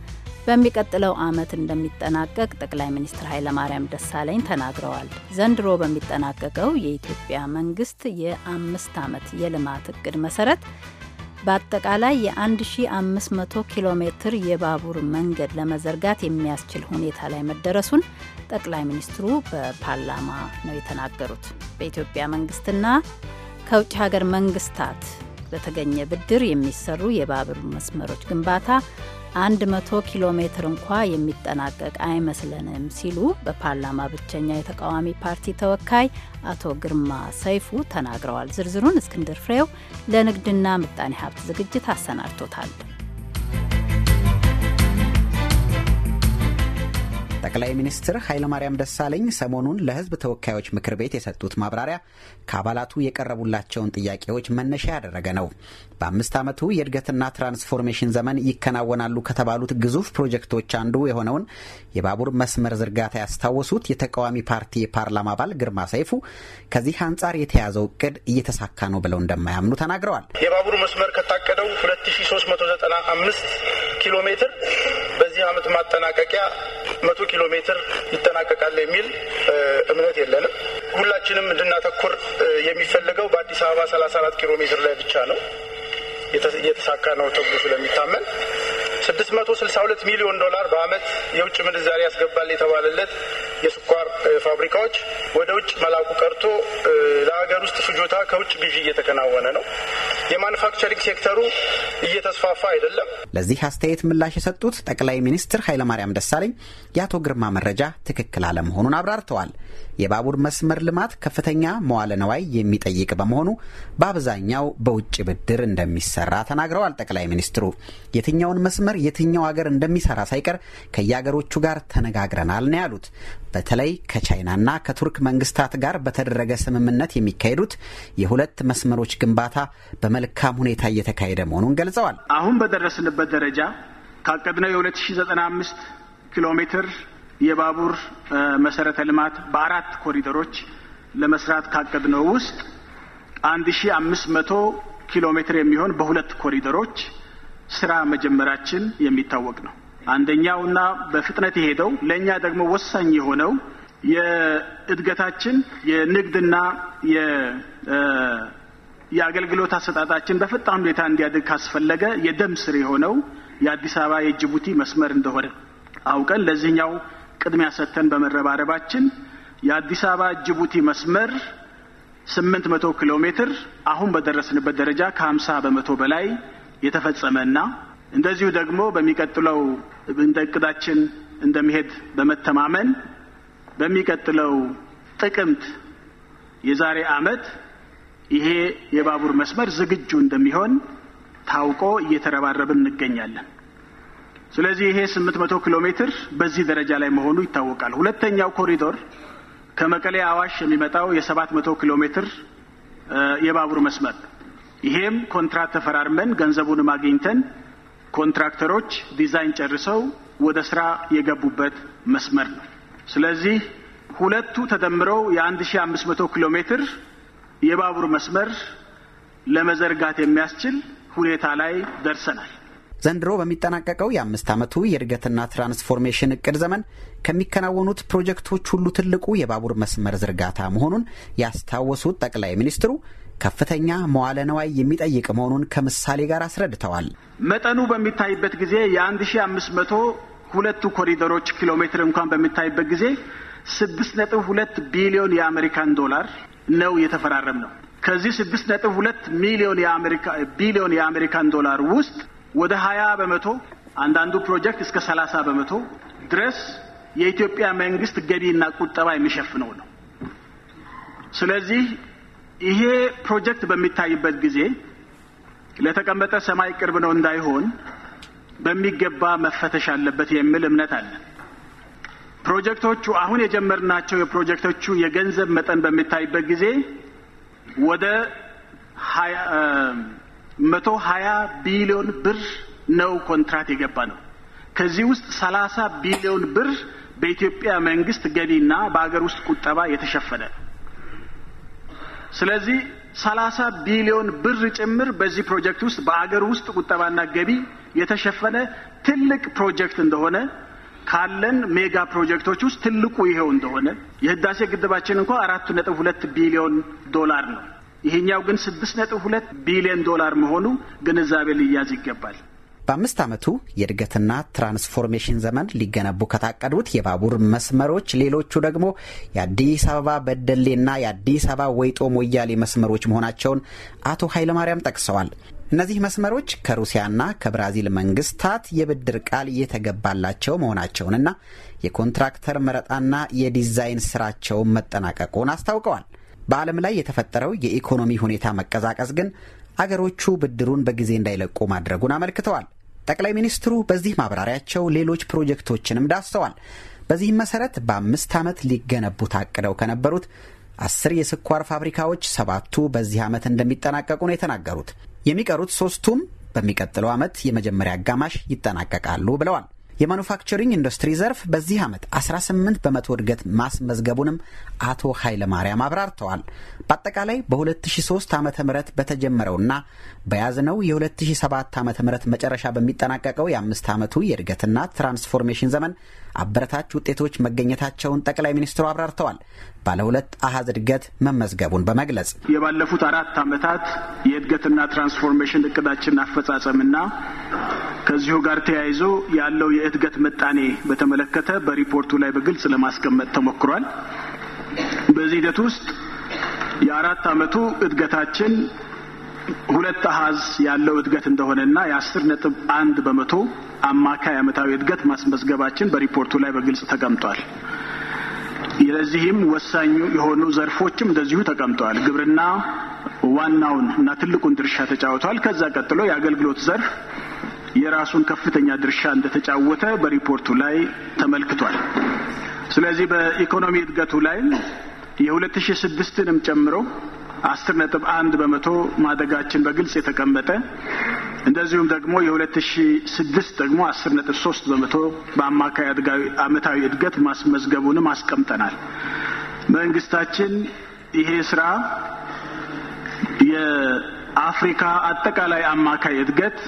በሚቀጥለው ዓመት እንደሚጠናቀቅ ጠቅላይ ሚኒስትር ኃይለማርያም ደሳለኝ ተናግረዋል። ዘንድሮ በሚጠናቀቀው የኢትዮጵያ መንግስት የአምስት ዓመት የልማት እቅድ መሰረት በአጠቃላይ የ1500 ኪሎ ሜትር የባቡር መንገድ ለመዘርጋት የሚያስችል ሁኔታ ላይ መደረሱን ጠቅላይ ሚኒስትሩ በፓርላማ ነው የተናገሩት። በኢትዮጵያ መንግስትና ከውጭ ሀገር መንግስታት በተገኘ ብድር የሚሰሩ የባቡር መስመሮች ግንባታ 100 ኪሎ ሜትር እንኳ የሚጠናቀቅ አይመስለንም ሲሉ በፓርላማ ብቸኛ የተቃዋሚ ፓርቲ ተወካይ አቶ ግርማ ሰይፉ ተናግረዋል። ዝርዝሩን እስክንድር ፍሬው ለንግድና ምጣኔ ሀብት ዝግጅት አሰናድቶታል። ጠቅላይ ሚኒስትር ኃይለማርያም ደሳለኝ ሰሞኑን ለሕዝብ ተወካዮች ምክር ቤት የሰጡት ማብራሪያ ከአባላቱ የቀረቡላቸውን ጥያቄዎች መነሻ ያደረገ ነው። በአምስት ዓመቱ የእድገትና ትራንስፎርሜሽን ዘመን ይከናወናሉ ከተባሉት ግዙፍ ፕሮጀክቶች አንዱ የሆነውን የባቡር መስመር ዝርጋታ ያስታወሱት የተቃዋሚ ፓርቲ የፓርላማ አባል ግርማ ሰይፉ ከዚህ አንጻር የተያዘው እቅድ እየተሳካ ነው ብለው እንደማያምኑ ተናግረዋል። የባቡር መስመር ከታቀደው 2395 ኪሎ ሜትር በዚህ አመት ማጠናቀቂያ መቶ ኪሎ ሜትር ይጠናቀቃል የሚል እምነት የለንም። ሁላችንም እንድናተኩር የሚፈልገው በአዲስ አበባ ሰላሳ አራት ኪሎ ሜትር ላይ ብቻ ነው የተሳካ ነው ተብሎ ስለሚታመን 662 ሚሊዮን ዶላር በዓመት የውጭ ምንዛሪ ያስገባል የተባለለት የስኳር ፋብሪካዎች ወደ ውጭ መላኩ ቀርቶ ለሀገር ውስጥ ፍጆታ ከውጭ ግዢ እየተከናወነ ነው። የማኑፋክቸሪንግ ሴክተሩ እየተስፋፋ አይደለም። ለዚህ አስተያየት ምላሽ የሰጡት ጠቅላይ ሚኒስትር ኃይለማርያም ደሳለኝ የአቶ ግርማ መረጃ ትክክል አለመሆኑን አብራርተዋል። የባቡር መስመር ልማት ከፍተኛ መዋለ ነዋይ የሚጠይቅ በመሆኑ በአብዛኛው በውጭ ብድር እንደሚሰራ ተናግረዋል። ጠቅላይ ሚኒስትሩ የትኛውን መስመር የትኛው ሀገር እንደሚሰራ ሳይቀር ከየሀገሮቹ ጋር ተነጋግረናል ነው ያሉት። በተለይ ከቻይናና ከቱርክ መንግስታት ጋር በተደረገ ስምምነት የሚካሄዱት የሁለት መስመሮች ግንባታ በመልካም ሁኔታ እየተካሄደ መሆኑን ገልጸዋል። አሁን በደረስንበት ደረጃ ካቀድነው የ2095 ኪሎ ሜትር የባቡር መሰረተ ልማት በአራት ኮሪደሮች ለመስራት ካቀድነው ውስጥ አንድ ሺ አምስት መቶ ኪሎ ሜትር የሚሆን በሁለት ኮሪደሮች ስራ መጀመራችን የሚታወቅ ነው። አንደኛውና በፍጥነት የሄደው ለእኛ ደግሞ ወሳኝ የሆነው የእድገታችን የንግድና የአገልግሎት አሰጣጣችን በፈጣን ሁኔታ እንዲያድግ ካስፈለገ የደም ስር የሆነው የአዲስ አበባ የጅቡቲ መስመር እንደሆነ አውቀን ለዚህኛው ቅድሚያ ሰጥተን በመረባረባችን የአዲስ አበባ ጅቡቲ መስመር ስምንት መቶ ኪሎ ሜትር አሁን በደረስንበት ደረጃ ከሀምሳ በመቶ በላይ የተፈጸመና እንደዚሁ ደግሞ በሚቀጥለው እንደ እቅዳችን እንደሚሄድ በመተማመን በሚቀጥለው ጥቅምት የዛሬ ዓመት ይሄ የባቡር መስመር ዝግጁ እንደሚሆን ታውቆ እየተረባረብን እንገኛለን። ስለዚህ ይሄ ስምንት መቶ ኪሎ ሜትር በዚህ ደረጃ ላይ መሆኑ ይታወቃል። ሁለተኛው ኮሪዶር ከመቀሌ አዋሽ የሚመጣው የሰባት መቶ ኪሎ ሜትር የባቡር መስመር ይሄም ኮንትራክት ተፈራርመን ገንዘቡንም አግኝተን ኮንትራክተሮች ዲዛይን ጨርሰው ወደ ስራ የገቡበት መስመር ነው። ስለዚህ ሁለቱ ተደምረው የ1500 ኪሎ ሜትር የባቡር መስመር ለመዘርጋት የሚያስችል ሁኔታ ላይ ደርሰናል። ዘንድሮ በሚጠናቀቀው የአምስት ዓመቱ የእድገትና ትራንስፎርሜሽን እቅድ ዘመን ከሚከናወኑት ፕሮጀክቶች ሁሉ ትልቁ የባቡር መስመር ዝርጋታ መሆኑን ያስታወሱት ጠቅላይ ሚኒስትሩ ከፍተኛ መዋለ ነዋይ የሚጠይቅ መሆኑን ከምሳሌ ጋር አስረድተዋል። መጠኑ በሚታይበት ጊዜ የ1500 ሁለቱ ኮሪደሮች ኪሎ ሜትር እንኳን በሚታይበት ጊዜ 6.2 ቢሊዮን የአሜሪካን ዶላር ነው የተፈራረም ነው። ከዚህ 6.2 ሚሊዮን ቢሊዮን የአሜሪካን ዶላር ውስጥ ወደ 20 በመቶ አንዳንዱ ፕሮጀክት እስከ 30 በመቶ ድረስ የኢትዮጵያ መንግስት ገቢና ቁጠባ የሚሸፍነው ነው። ስለዚህ ይሄ ፕሮጀክት በሚታይበት ጊዜ ለተቀመጠ ሰማይ ቅርብ ነው እንዳይሆን በሚገባ መፈተሽ አለበት የሚል እምነት አለ። ፕሮጀክቶቹ አሁን የጀመርናቸው የፕሮጀክቶቹ የገንዘብ መጠን በሚታይበት ጊዜ ወደ መቶ ሀያ ቢሊዮን ብር ነው ኮንትራት የገባ ነው። ከዚህ ውስጥ ሰላሳ ቢሊዮን ብር በኢትዮጵያ መንግስት ገቢና በሀገር ውስጥ ቁጠባ የተሸፈነ ስለዚህ ሰላሳ ቢሊዮን ብር ጭምር በዚህ ፕሮጀክት ውስጥ በአገር ውስጥ ቁጠባና ገቢ የተሸፈነ ትልቅ ፕሮጀክት እንደሆነ ካለን ሜጋ ፕሮጀክቶች ውስጥ ትልቁ ይኸው እንደሆነ የህዳሴ ግድባችን እንኳ አራቱ ነጥብ ሁለት ቢሊዮን ዶላር ነው። ይሄኛው ግን ስድስት ነጥብ ሁለት ቢሊዮን ዶላር መሆኑ ግንዛቤ ሊያዝ ይገባል። በአምስት ዓመቱ የእድገትና ትራንስፎርሜሽን ዘመን ሊገነቡ ከታቀዱት የባቡር መስመሮች ሌሎቹ ደግሞ የአዲስ አበባ በደሌና የአዲስ አበባ ወይጦ ሞያሌ መስመሮች መሆናቸውን አቶ ኃይለማርያም ጠቅሰዋል። እነዚህ መስመሮች ከሩሲያና ከብራዚል መንግስታት የብድር ቃል እየተገባላቸው መሆናቸውንና የኮንትራክተር መረጣና የዲዛይን ስራቸውን መጠናቀቁን አስታውቀዋል። በዓለም ላይ የተፈጠረው የኢኮኖሚ ሁኔታ መቀዛቀዝ ግን አገሮቹ ብድሩን በጊዜ እንዳይለቁ ማድረጉን አመልክተዋል። ጠቅላይ ሚኒስትሩ በዚህ ማብራሪያቸው ሌሎች ፕሮጀክቶችንም ዳሰዋል። በዚህም መሰረት በአምስት ዓመት ሊገነቡ ታቅደው ከነበሩት አስር የስኳር ፋብሪካዎች ሰባቱ በዚህ ዓመት እንደሚጠናቀቁ ነው የተናገሩት። የሚቀሩት ሶስቱም በሚቀጥለው ዓመት የመጀመሪያ አጋማሽ ይጠናቀቃሉ ብለዋል። የማኑፋክቸሪንግ ኢንዱስትሪ ዘርፍ በዚህ ዓመት 18 በመቶ እድገት ማስመዝገቡንም አቶ ኃይለማርያም አብራርተዋል። በአጠቃላይ በ2003 ዓ ም በተጀመረውና በያዝነው የ2007 ዓ ም መጨረሻ በሚጠናቀቀው የአምስት ዓመቱ የእድገትና ትራንስፎርሜሽን ዘመን አበረታች ውጤቶች መገኘታቸውን ጠቅላይ ሚኒስትሩ አብራርተዋል። ባለሁለት አሃዝ እድገት መመዝገቡን በመግለጽ የባለፉት አራት ዓመታት የእድገትና ትራንስፎርሜሽን እቅዳችን አፈጻጸምና ከዚሁ ጋር ተያይዞ ያለው የእድገት ምጣኔ በተመለከተ በሪፖርቱ ላይ በግልጽ ለማስቀመጥ ተሞክሯል። በዚህ ሂደት ውስጥ የአራት ዓመቱ እድገታችን ሁለት አሃዝ ያለው እድገት እንደሆነና የአስር ነጥብ አንድ በመቶ አማካይ ዓመታዊ እድገት ማስመዝገባችን በሪፖርቱ ላይ በግልጽ ተቀምጧል። የለዚህም ወሳኙ የሆኑ ዘርፎችም እንደዚሁ ተቀምጠዋል። ግብርና ዋናውን እና ትልቁን ድርሻ ተጫውቷል። ከዛ ቀጥሎ የአገልግሎት ዘርፍ የራሱን ከፍተኛ ድርሻ እንደተጫወተ በሪፖርቱ ላይ ተመልክቷል። ስለዚህ በኢኮኖሚ እድገቱ ላይ የ2006ንም ጨምሮ አስር ነጥብ አንድ በመቶ ማደጋችን በግልጽ የተቀመጠ እንደዚሁም ደግሞ የሁለት ሺ ስድስት ደግሞ አስር ነጥብ ሶስት በመቶ በአማካይ አመታዊ እድገት ማስመዝገቡንም አስቀምጠናል። መንግስታችን ይሄ ስራ የአፍሪካ አጠቃላይ አማካይ እድገት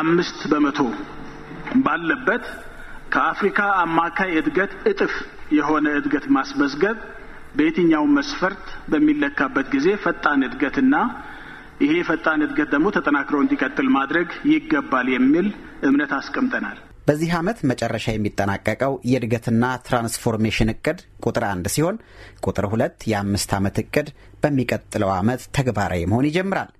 አምስት በመቶ ባለበት ከአፍሪካ አማካይ እድገት እጥፍ የሆነ እድገት ማስመዝገብ በየትኛውም መስፈርት በሚለካበት ጊዜ ፈጣን እድገትና ይሄ ፈጣን እድገት ደግሞ ተጠናክሮ እንዲቀጥል ማድረግ ይገባል የሚል እምነት አስቀምጠናል። በዚህ ዓመት መጨረሻ የሚጠናቀቀው የእድገትና ትራንስፎርሜሽን እቅድ ቁጥር አንድ ሲሆን ቁጥር ሁለት የአምስት ዓመት እቅድ በሚቀጥለው ዓመት ተግባራዊ መሆን ይጀምራል።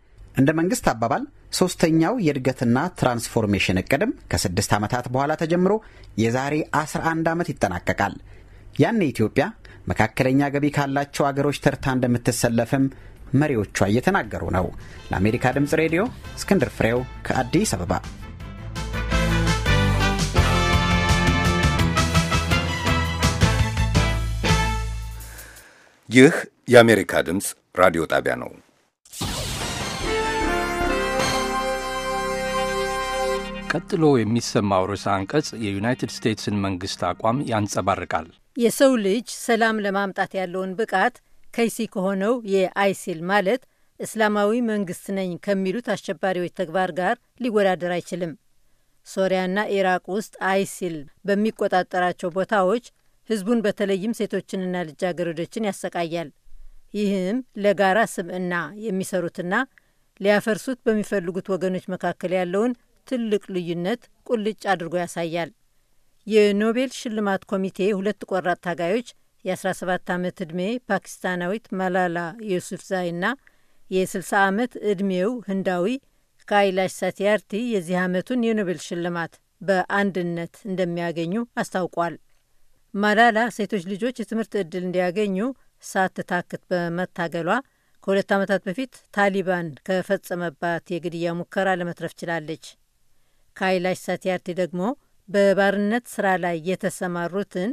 እንደ መንግስት አባባል ሶስተኛው የእድገትና ትራንስፎርሜሽን እቅድም ከስድስት ዓመታት በኋላ ተጀምሮ የዛሬ 11 ዓመት ይጠናቀቃል። ያኔ ኢትዮጵያ መካከለኛ ገቢ ካላቸው አገሮች ተርታ እንደምትሰለፍም መሪዎቿ እየተናገሩ ነው። ለአሜሪካ ድምፅ ሬዲዮ እስክንድር ፍሬው ከአዲስ አበባ። ይህ የአሜሪካ ድምፅ ራዲዮ ጣቢያ ነው። ቀጥሎ የሚሰማው ርዕሰ አንቀጽ የዩናይትድ ስቴትስን መንግሥት አቋም ያንጸባርቃል። የሰው ልጅ ሰላም ለማምጣት ያለውን ብቃት ከይሲ ከሆነው የአይሲል ማለት እስላማዊ መንግስት ነኝ ከሚሉት አሸባሪዎች ተግባር ጋር ሊወዳደር አይችልም። ሶሪያና ኢራቅ ውስጥ አይሲል በሚቆጣጠራቸው ቦታዎች ህዝቡን በተለይም ሴቶችንና ልጃገረዶችን ያሰቃያል። ይህም ለጋራ ስምዕና የሚሰሩትና ሊያፈርሱት በሚፈልጉት ወገኖች መካከል ያለውን ትልቅ ልዩነት ቁልጭ አድርጎ ያሳያል። የኖቤል ሽልማት ኮሚቴ ሁለት ቆራጥ ታጋዮች የ17 ዓመት ዕድሜ ፓኪስታናዊት ዛይ ዩሱፍዛይና የ60 ዓመት ዕድሜው ህንዳዊ ካይላሽ ሳቲያርቲ የዚህ ዓመቱን የኖቤል ሽልማት በአንድነት እንደሚያገኙ አስታውቋል። ማላላ ሴቶች ልጆች የትምህርት ዕድል እንዲያገኙ ሳትታክት በመታገሏ ከሁለት ዓመታት በፊት ታሊባን ከፈጸመባት የግድያ ሙከራ ለመትረፍ ችላለች። ካይላሽ ሳቲያርቲ ደግሞ በባርነት ስራ ላይ የተሰማሩትን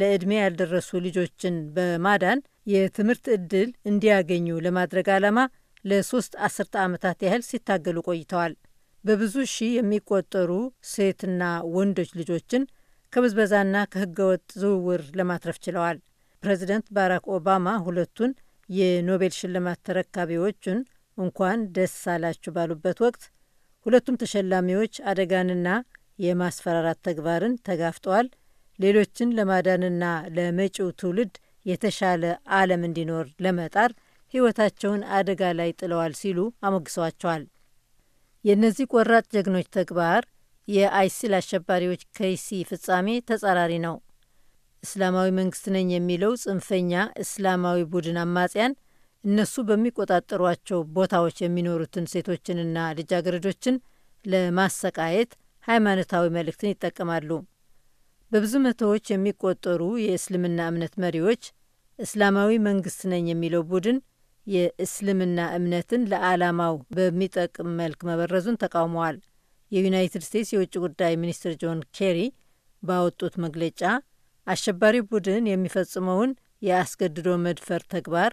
ለዕድሜ ያልደረሱ ልጆችን በማዳን የትምህርት ዕድል እንዲያገኙ ለማድረግ ዓላማ ለሶስት አስርተ ዓመታት ያህል ሲታገሉ ቆይተዋል። በብዙ ሺህ የሚቆጠሩ ሴትና ወንዶች ልጆችን ከብዝበዛና ከህገወጥ ዝውውር ለማትረፍ ችለዋል። ፕሬዚደንት ባራክ ኦባማ ሁለቱን የኖቤል ሽልማት ተረካቢዎቹን እንኳን ደስ አላችሁ ባሉበት ወቅት ሁለቱም ተሸላሚዎች አደጋንና የማስፈራራት ተግባርን ተጋፍጠዋል። ሌሎችን ለማዳንና ለመጪው ትውልድ የተሻለ ዓለም እንዲኖር ለመጣር ሕይወታቸውን አደጋ ላይ ጥለዋል ሲሉ አሞግሰዋቸዋል። የእነዚህ ቆራጥ ጀግኖች ተግባር የአይሲል አሸባሪዎች ከይሲ ፍጻሜ ተጻራሪ ነው። እስላማዊ መንግስት ነኝ የሚለው ጽንፈኛ እስላማዊ ቡድን አማጽያን እነሱ በሚቆጣጠሯቸው ቦታዎች የሚኖሩትን ሴቶችንና ልጃገረዶችን ለማሰቃየት ሃይማኖታዊ መልእክትን ይጠቀማሉ። በብዙ መቶዎች የሚቆጠሩ የእስልምና እምነት መሪዎች እስላማዊ መንግስት ነኝ የሚለው ቡድን የእስልምና እምነትን ለዓላማው በሚጠቅም መልክ መበረዙን ተቃውመዋል። የዩናይትድ ስቴትስ የውጭ ጉዳይ ሚኒስትር ጆን ኬሪ ባወጡት መግለጫ አሸባሪ ቡድን የሚፈጽመውን የአስገድዶ መድፈር ተግባር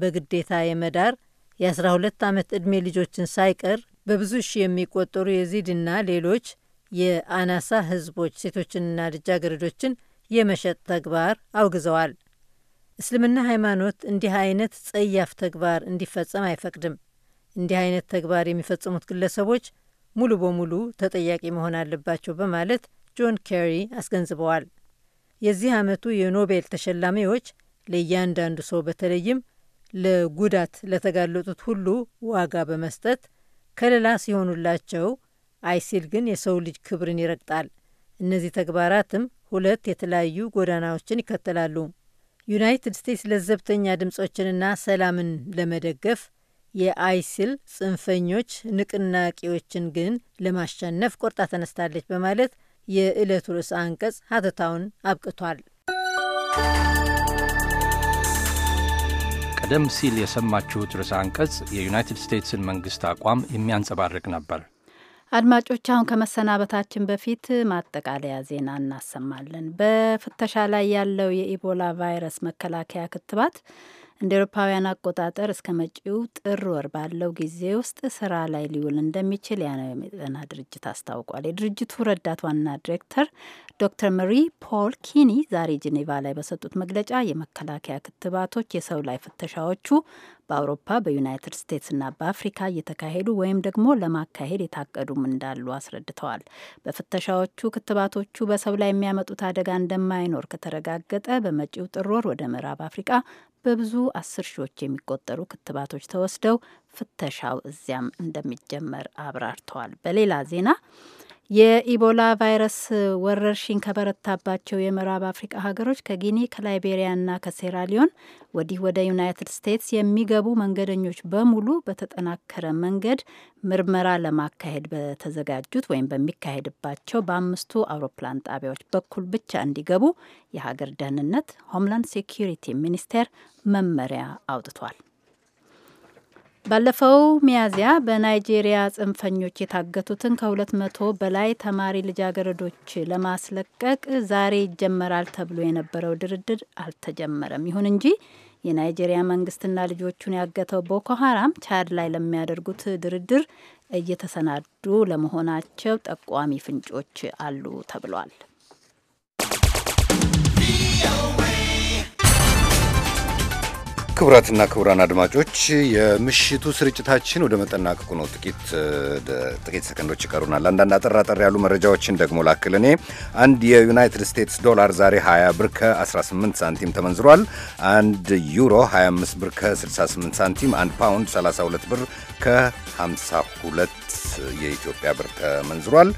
በግዴታ የመዳር የ12 ዓመት ዕድሜ ልጆችን ሳይቀር በብዙ ሺህ የሚቆጠሩ የዚድና ሌሎች የአናሳ ህዝቦች ሴቶችንና ልጃገረዶችን የመሸጥ ተግባር አውግዘዋል። እስልምና ሃይማኖት እንዲህ አይነት ጸያፍ ተግባር እንዲፈጸም አይፈቅድም። እንዲህ አይነት ተግባር የሚፈጽሙት ግለሰቦች ሙሉ በሙሉ ተጠያቂ መሆን አለባቸው በማለት ጆን ኬሪ አስገንዝበዋል። የዚህ ዓመቱ የኖቤል ተሸላሚዎች ለእያንዳንዱ ሰው በተለይም ለጉዳት ለተጋለጡት ሁሉ ዋጋ በመስጠት ከለላ ሲሆኑላቸው አይሲል ግን የሰው ልጅ ክብርን ይረግጣል። እነዚህ ተግባራትም ሁለት የተለያዩ ጎዳናዎችን ይከተላሉ። ዩናይትድ ስቴትስ ለዘብተኛ ድምፆችንና ሰላምን ለመደገፍ የአይሲል ጽንፈኞች ንቅናቄዎችን ግን ለማሸነፍ ቆርጣ ተነስታለች በማለት የዕለቱ ርዕሰ አንቀጽ ሀተታውን አብቅቷል። ቀደም ሲል የሰማችሁት ርዕሰ አንቀጽ የዩናይትድ ስቴትስን መንግስት አቋም የሚያንጸባርቅ ነበር። አድማጮች አሁን ከመሰናበታችን በፊት ማጠቃለያ ዜና እናሰማለን። በፍተሻ ላይ ያለው የኢቦላ ቫይረስ መከላከያ ክትባት እንደ ኤሮፓውያን አቆጣጠር እስከ መጪው ጥር ወር ባለው ጊዜ ውስጥ ስራ ላይ ሊውል እንደሚችል የዓለም የጤና ድርጅት አስታውቋል። የድርጅቱ ረዳት ዋና ዲሬክተር ዶክተር መሪ ፖል ኪኒ ዛሬ ጄኔቫ ላይ በሰጡት መግለጫ የመከላከያ ክትባቶች የሰው ላይ ፍተሻዎቹ በአውሮፓ በዩናይትድ ስቴትስና በአፍሪካ እየተካሄዱ ወይም ደግሞ ለማካሄድ የታቀዱም እንዳሉ አስረድተዋል። በፍተሻዎቹ ክትባቶቹ በሰው ላይ የሚያመጡት አደጋ እንደማይኖር ከተረጋገጠ በመጪው ጥር ወር ወደ ምዕራብ አፍሪቃ በብዙ አስር ሺዎች የሚቆጠሩ ክትባቶች ተወስደው ፍተሻው እዚያም እንደሚጀመር አብራርተዋል። በሌላ ዜና የኢቦላ ቫይረስ ወረርሽኝ ከበረታባቸው የምዕራብ አፍሪቃ ሀገሮች ከጊኒ ከላይቤሪያና ከሴራሊዮን ወዲህ ወደ ዩናይትድ ስቴትስ የሚገቡ መንገደኞች በሙሉ በተጠናከረ መንገድ ምርመራ ለማካሄድ በተዘጋጁት ወይም በሚካሄድባቸው በአምስቱ አውሮፕላን ጣቢያዎች በኩል ብቻ እንዲገቡ የሀገር ደህንነት ሆምላንድ ሴኪሪቲ ሚኒስቴር መመሪያ አውጥቷል። ባለፈው ሚያዝያ በናይጄሪያ ጽንፈኞች የታገቱትን ከሁለት መቶ በላይ ተማሪ ልጃገረዶች ለማስለቀቅ ዛሬ ይጀመራል ተብሎ የነበረው ድርድር አልተጀመረም። ይሁን እንጂ የናይጄሪያ መንግስትና ልጆቹን ያገተው ቦኮ ሀራም ቻድ ላይ ለሚያደርጉት ድርድር እየተሰናዱ ለመሆናቸው ጠቋሚ ፍንጮች አሉ ተብሏል። ክቡራትና ክቡራን አድማጮች የምሽቱ ስርጭታችን ወደ መጠናቀቁ ነው። ጥቂት ጥቂት ሰከንዶች ይቀሩናል። አንዳንድ አጠራጠር ያሉ መረጃዎችን ደግሞ ላክል። እኔ አንድ የዩናይትድ ስቴትስ ዶላር ዛሬ 20 ብር ከ18 ሳንቲም ተመንዝሯል። አንድ ዩሮ 25 ብር ከ68 ሳንቲም፣ አንድ ፓውንድ 32 ብር ከ52 የኢትዮጵያ ብር ተመንዝሯል።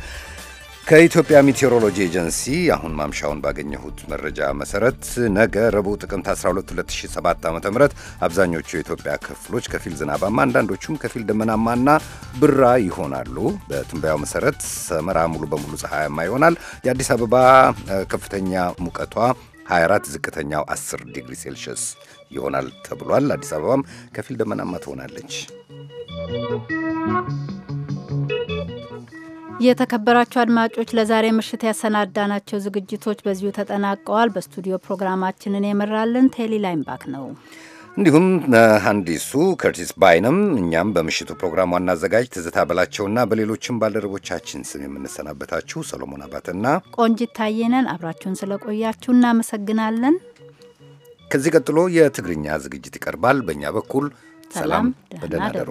ከኢትዮጵያ ሜቴሮሎጂ ኤጀንሲ አሁን ማምሻውን ባገኘሁት መረጃ መሰረት ነገ ረቡዕ ጥቅምት 12 2007 ዓ ም አብዛኞቹ የኢትዮጵያ ክፍሎች ከፊል ዝናባማ አንዳንዶቹም ከፊል ደመናማና ብራ ይሆናሉ። በትንበያው መሰረት ሰመራ ሙሉ በሙሉ ፀሐያማ ይሆናል። የአዲስ አበባ ከፍተኛ ሙቀቷ 24፣ ዝቅተኛው 10 ዲግሪ ሴልሽስ ይሆናል ተብሏል። አዲስ አበባም ከፊል ደመናማ ትሆናለች። የተከበራችሁ አድማጮች ለዛሬ ምሽት ያሰናዳናቸው ዝግጅቶች በዚሁ ተጠናቀዋል። በስቱዲዮ ፕሮግራማችንን የመራልን ቴሊ ላይምባክ ነው። እንዲሁም መሐንዲሱ ከርቲስ ባይንም፣ እኛም በምሽቱ ፕሮግራም ዋና አዘጋጅ ትዝታ በላቸውና በሌሎችም ባልደረቦቻችን ስም የምንሰናበታችሁ ሰሎሞን አባትና ቆንጂት ታየነን አብራችሁን ስለቆያችሁ እናመሰግናለን። ከዚህ ቀጥሎ የትግርኛ ዝግጅት ይቀርባል። በእኛ በኩል ሰላም፣ በደህና ደሩ።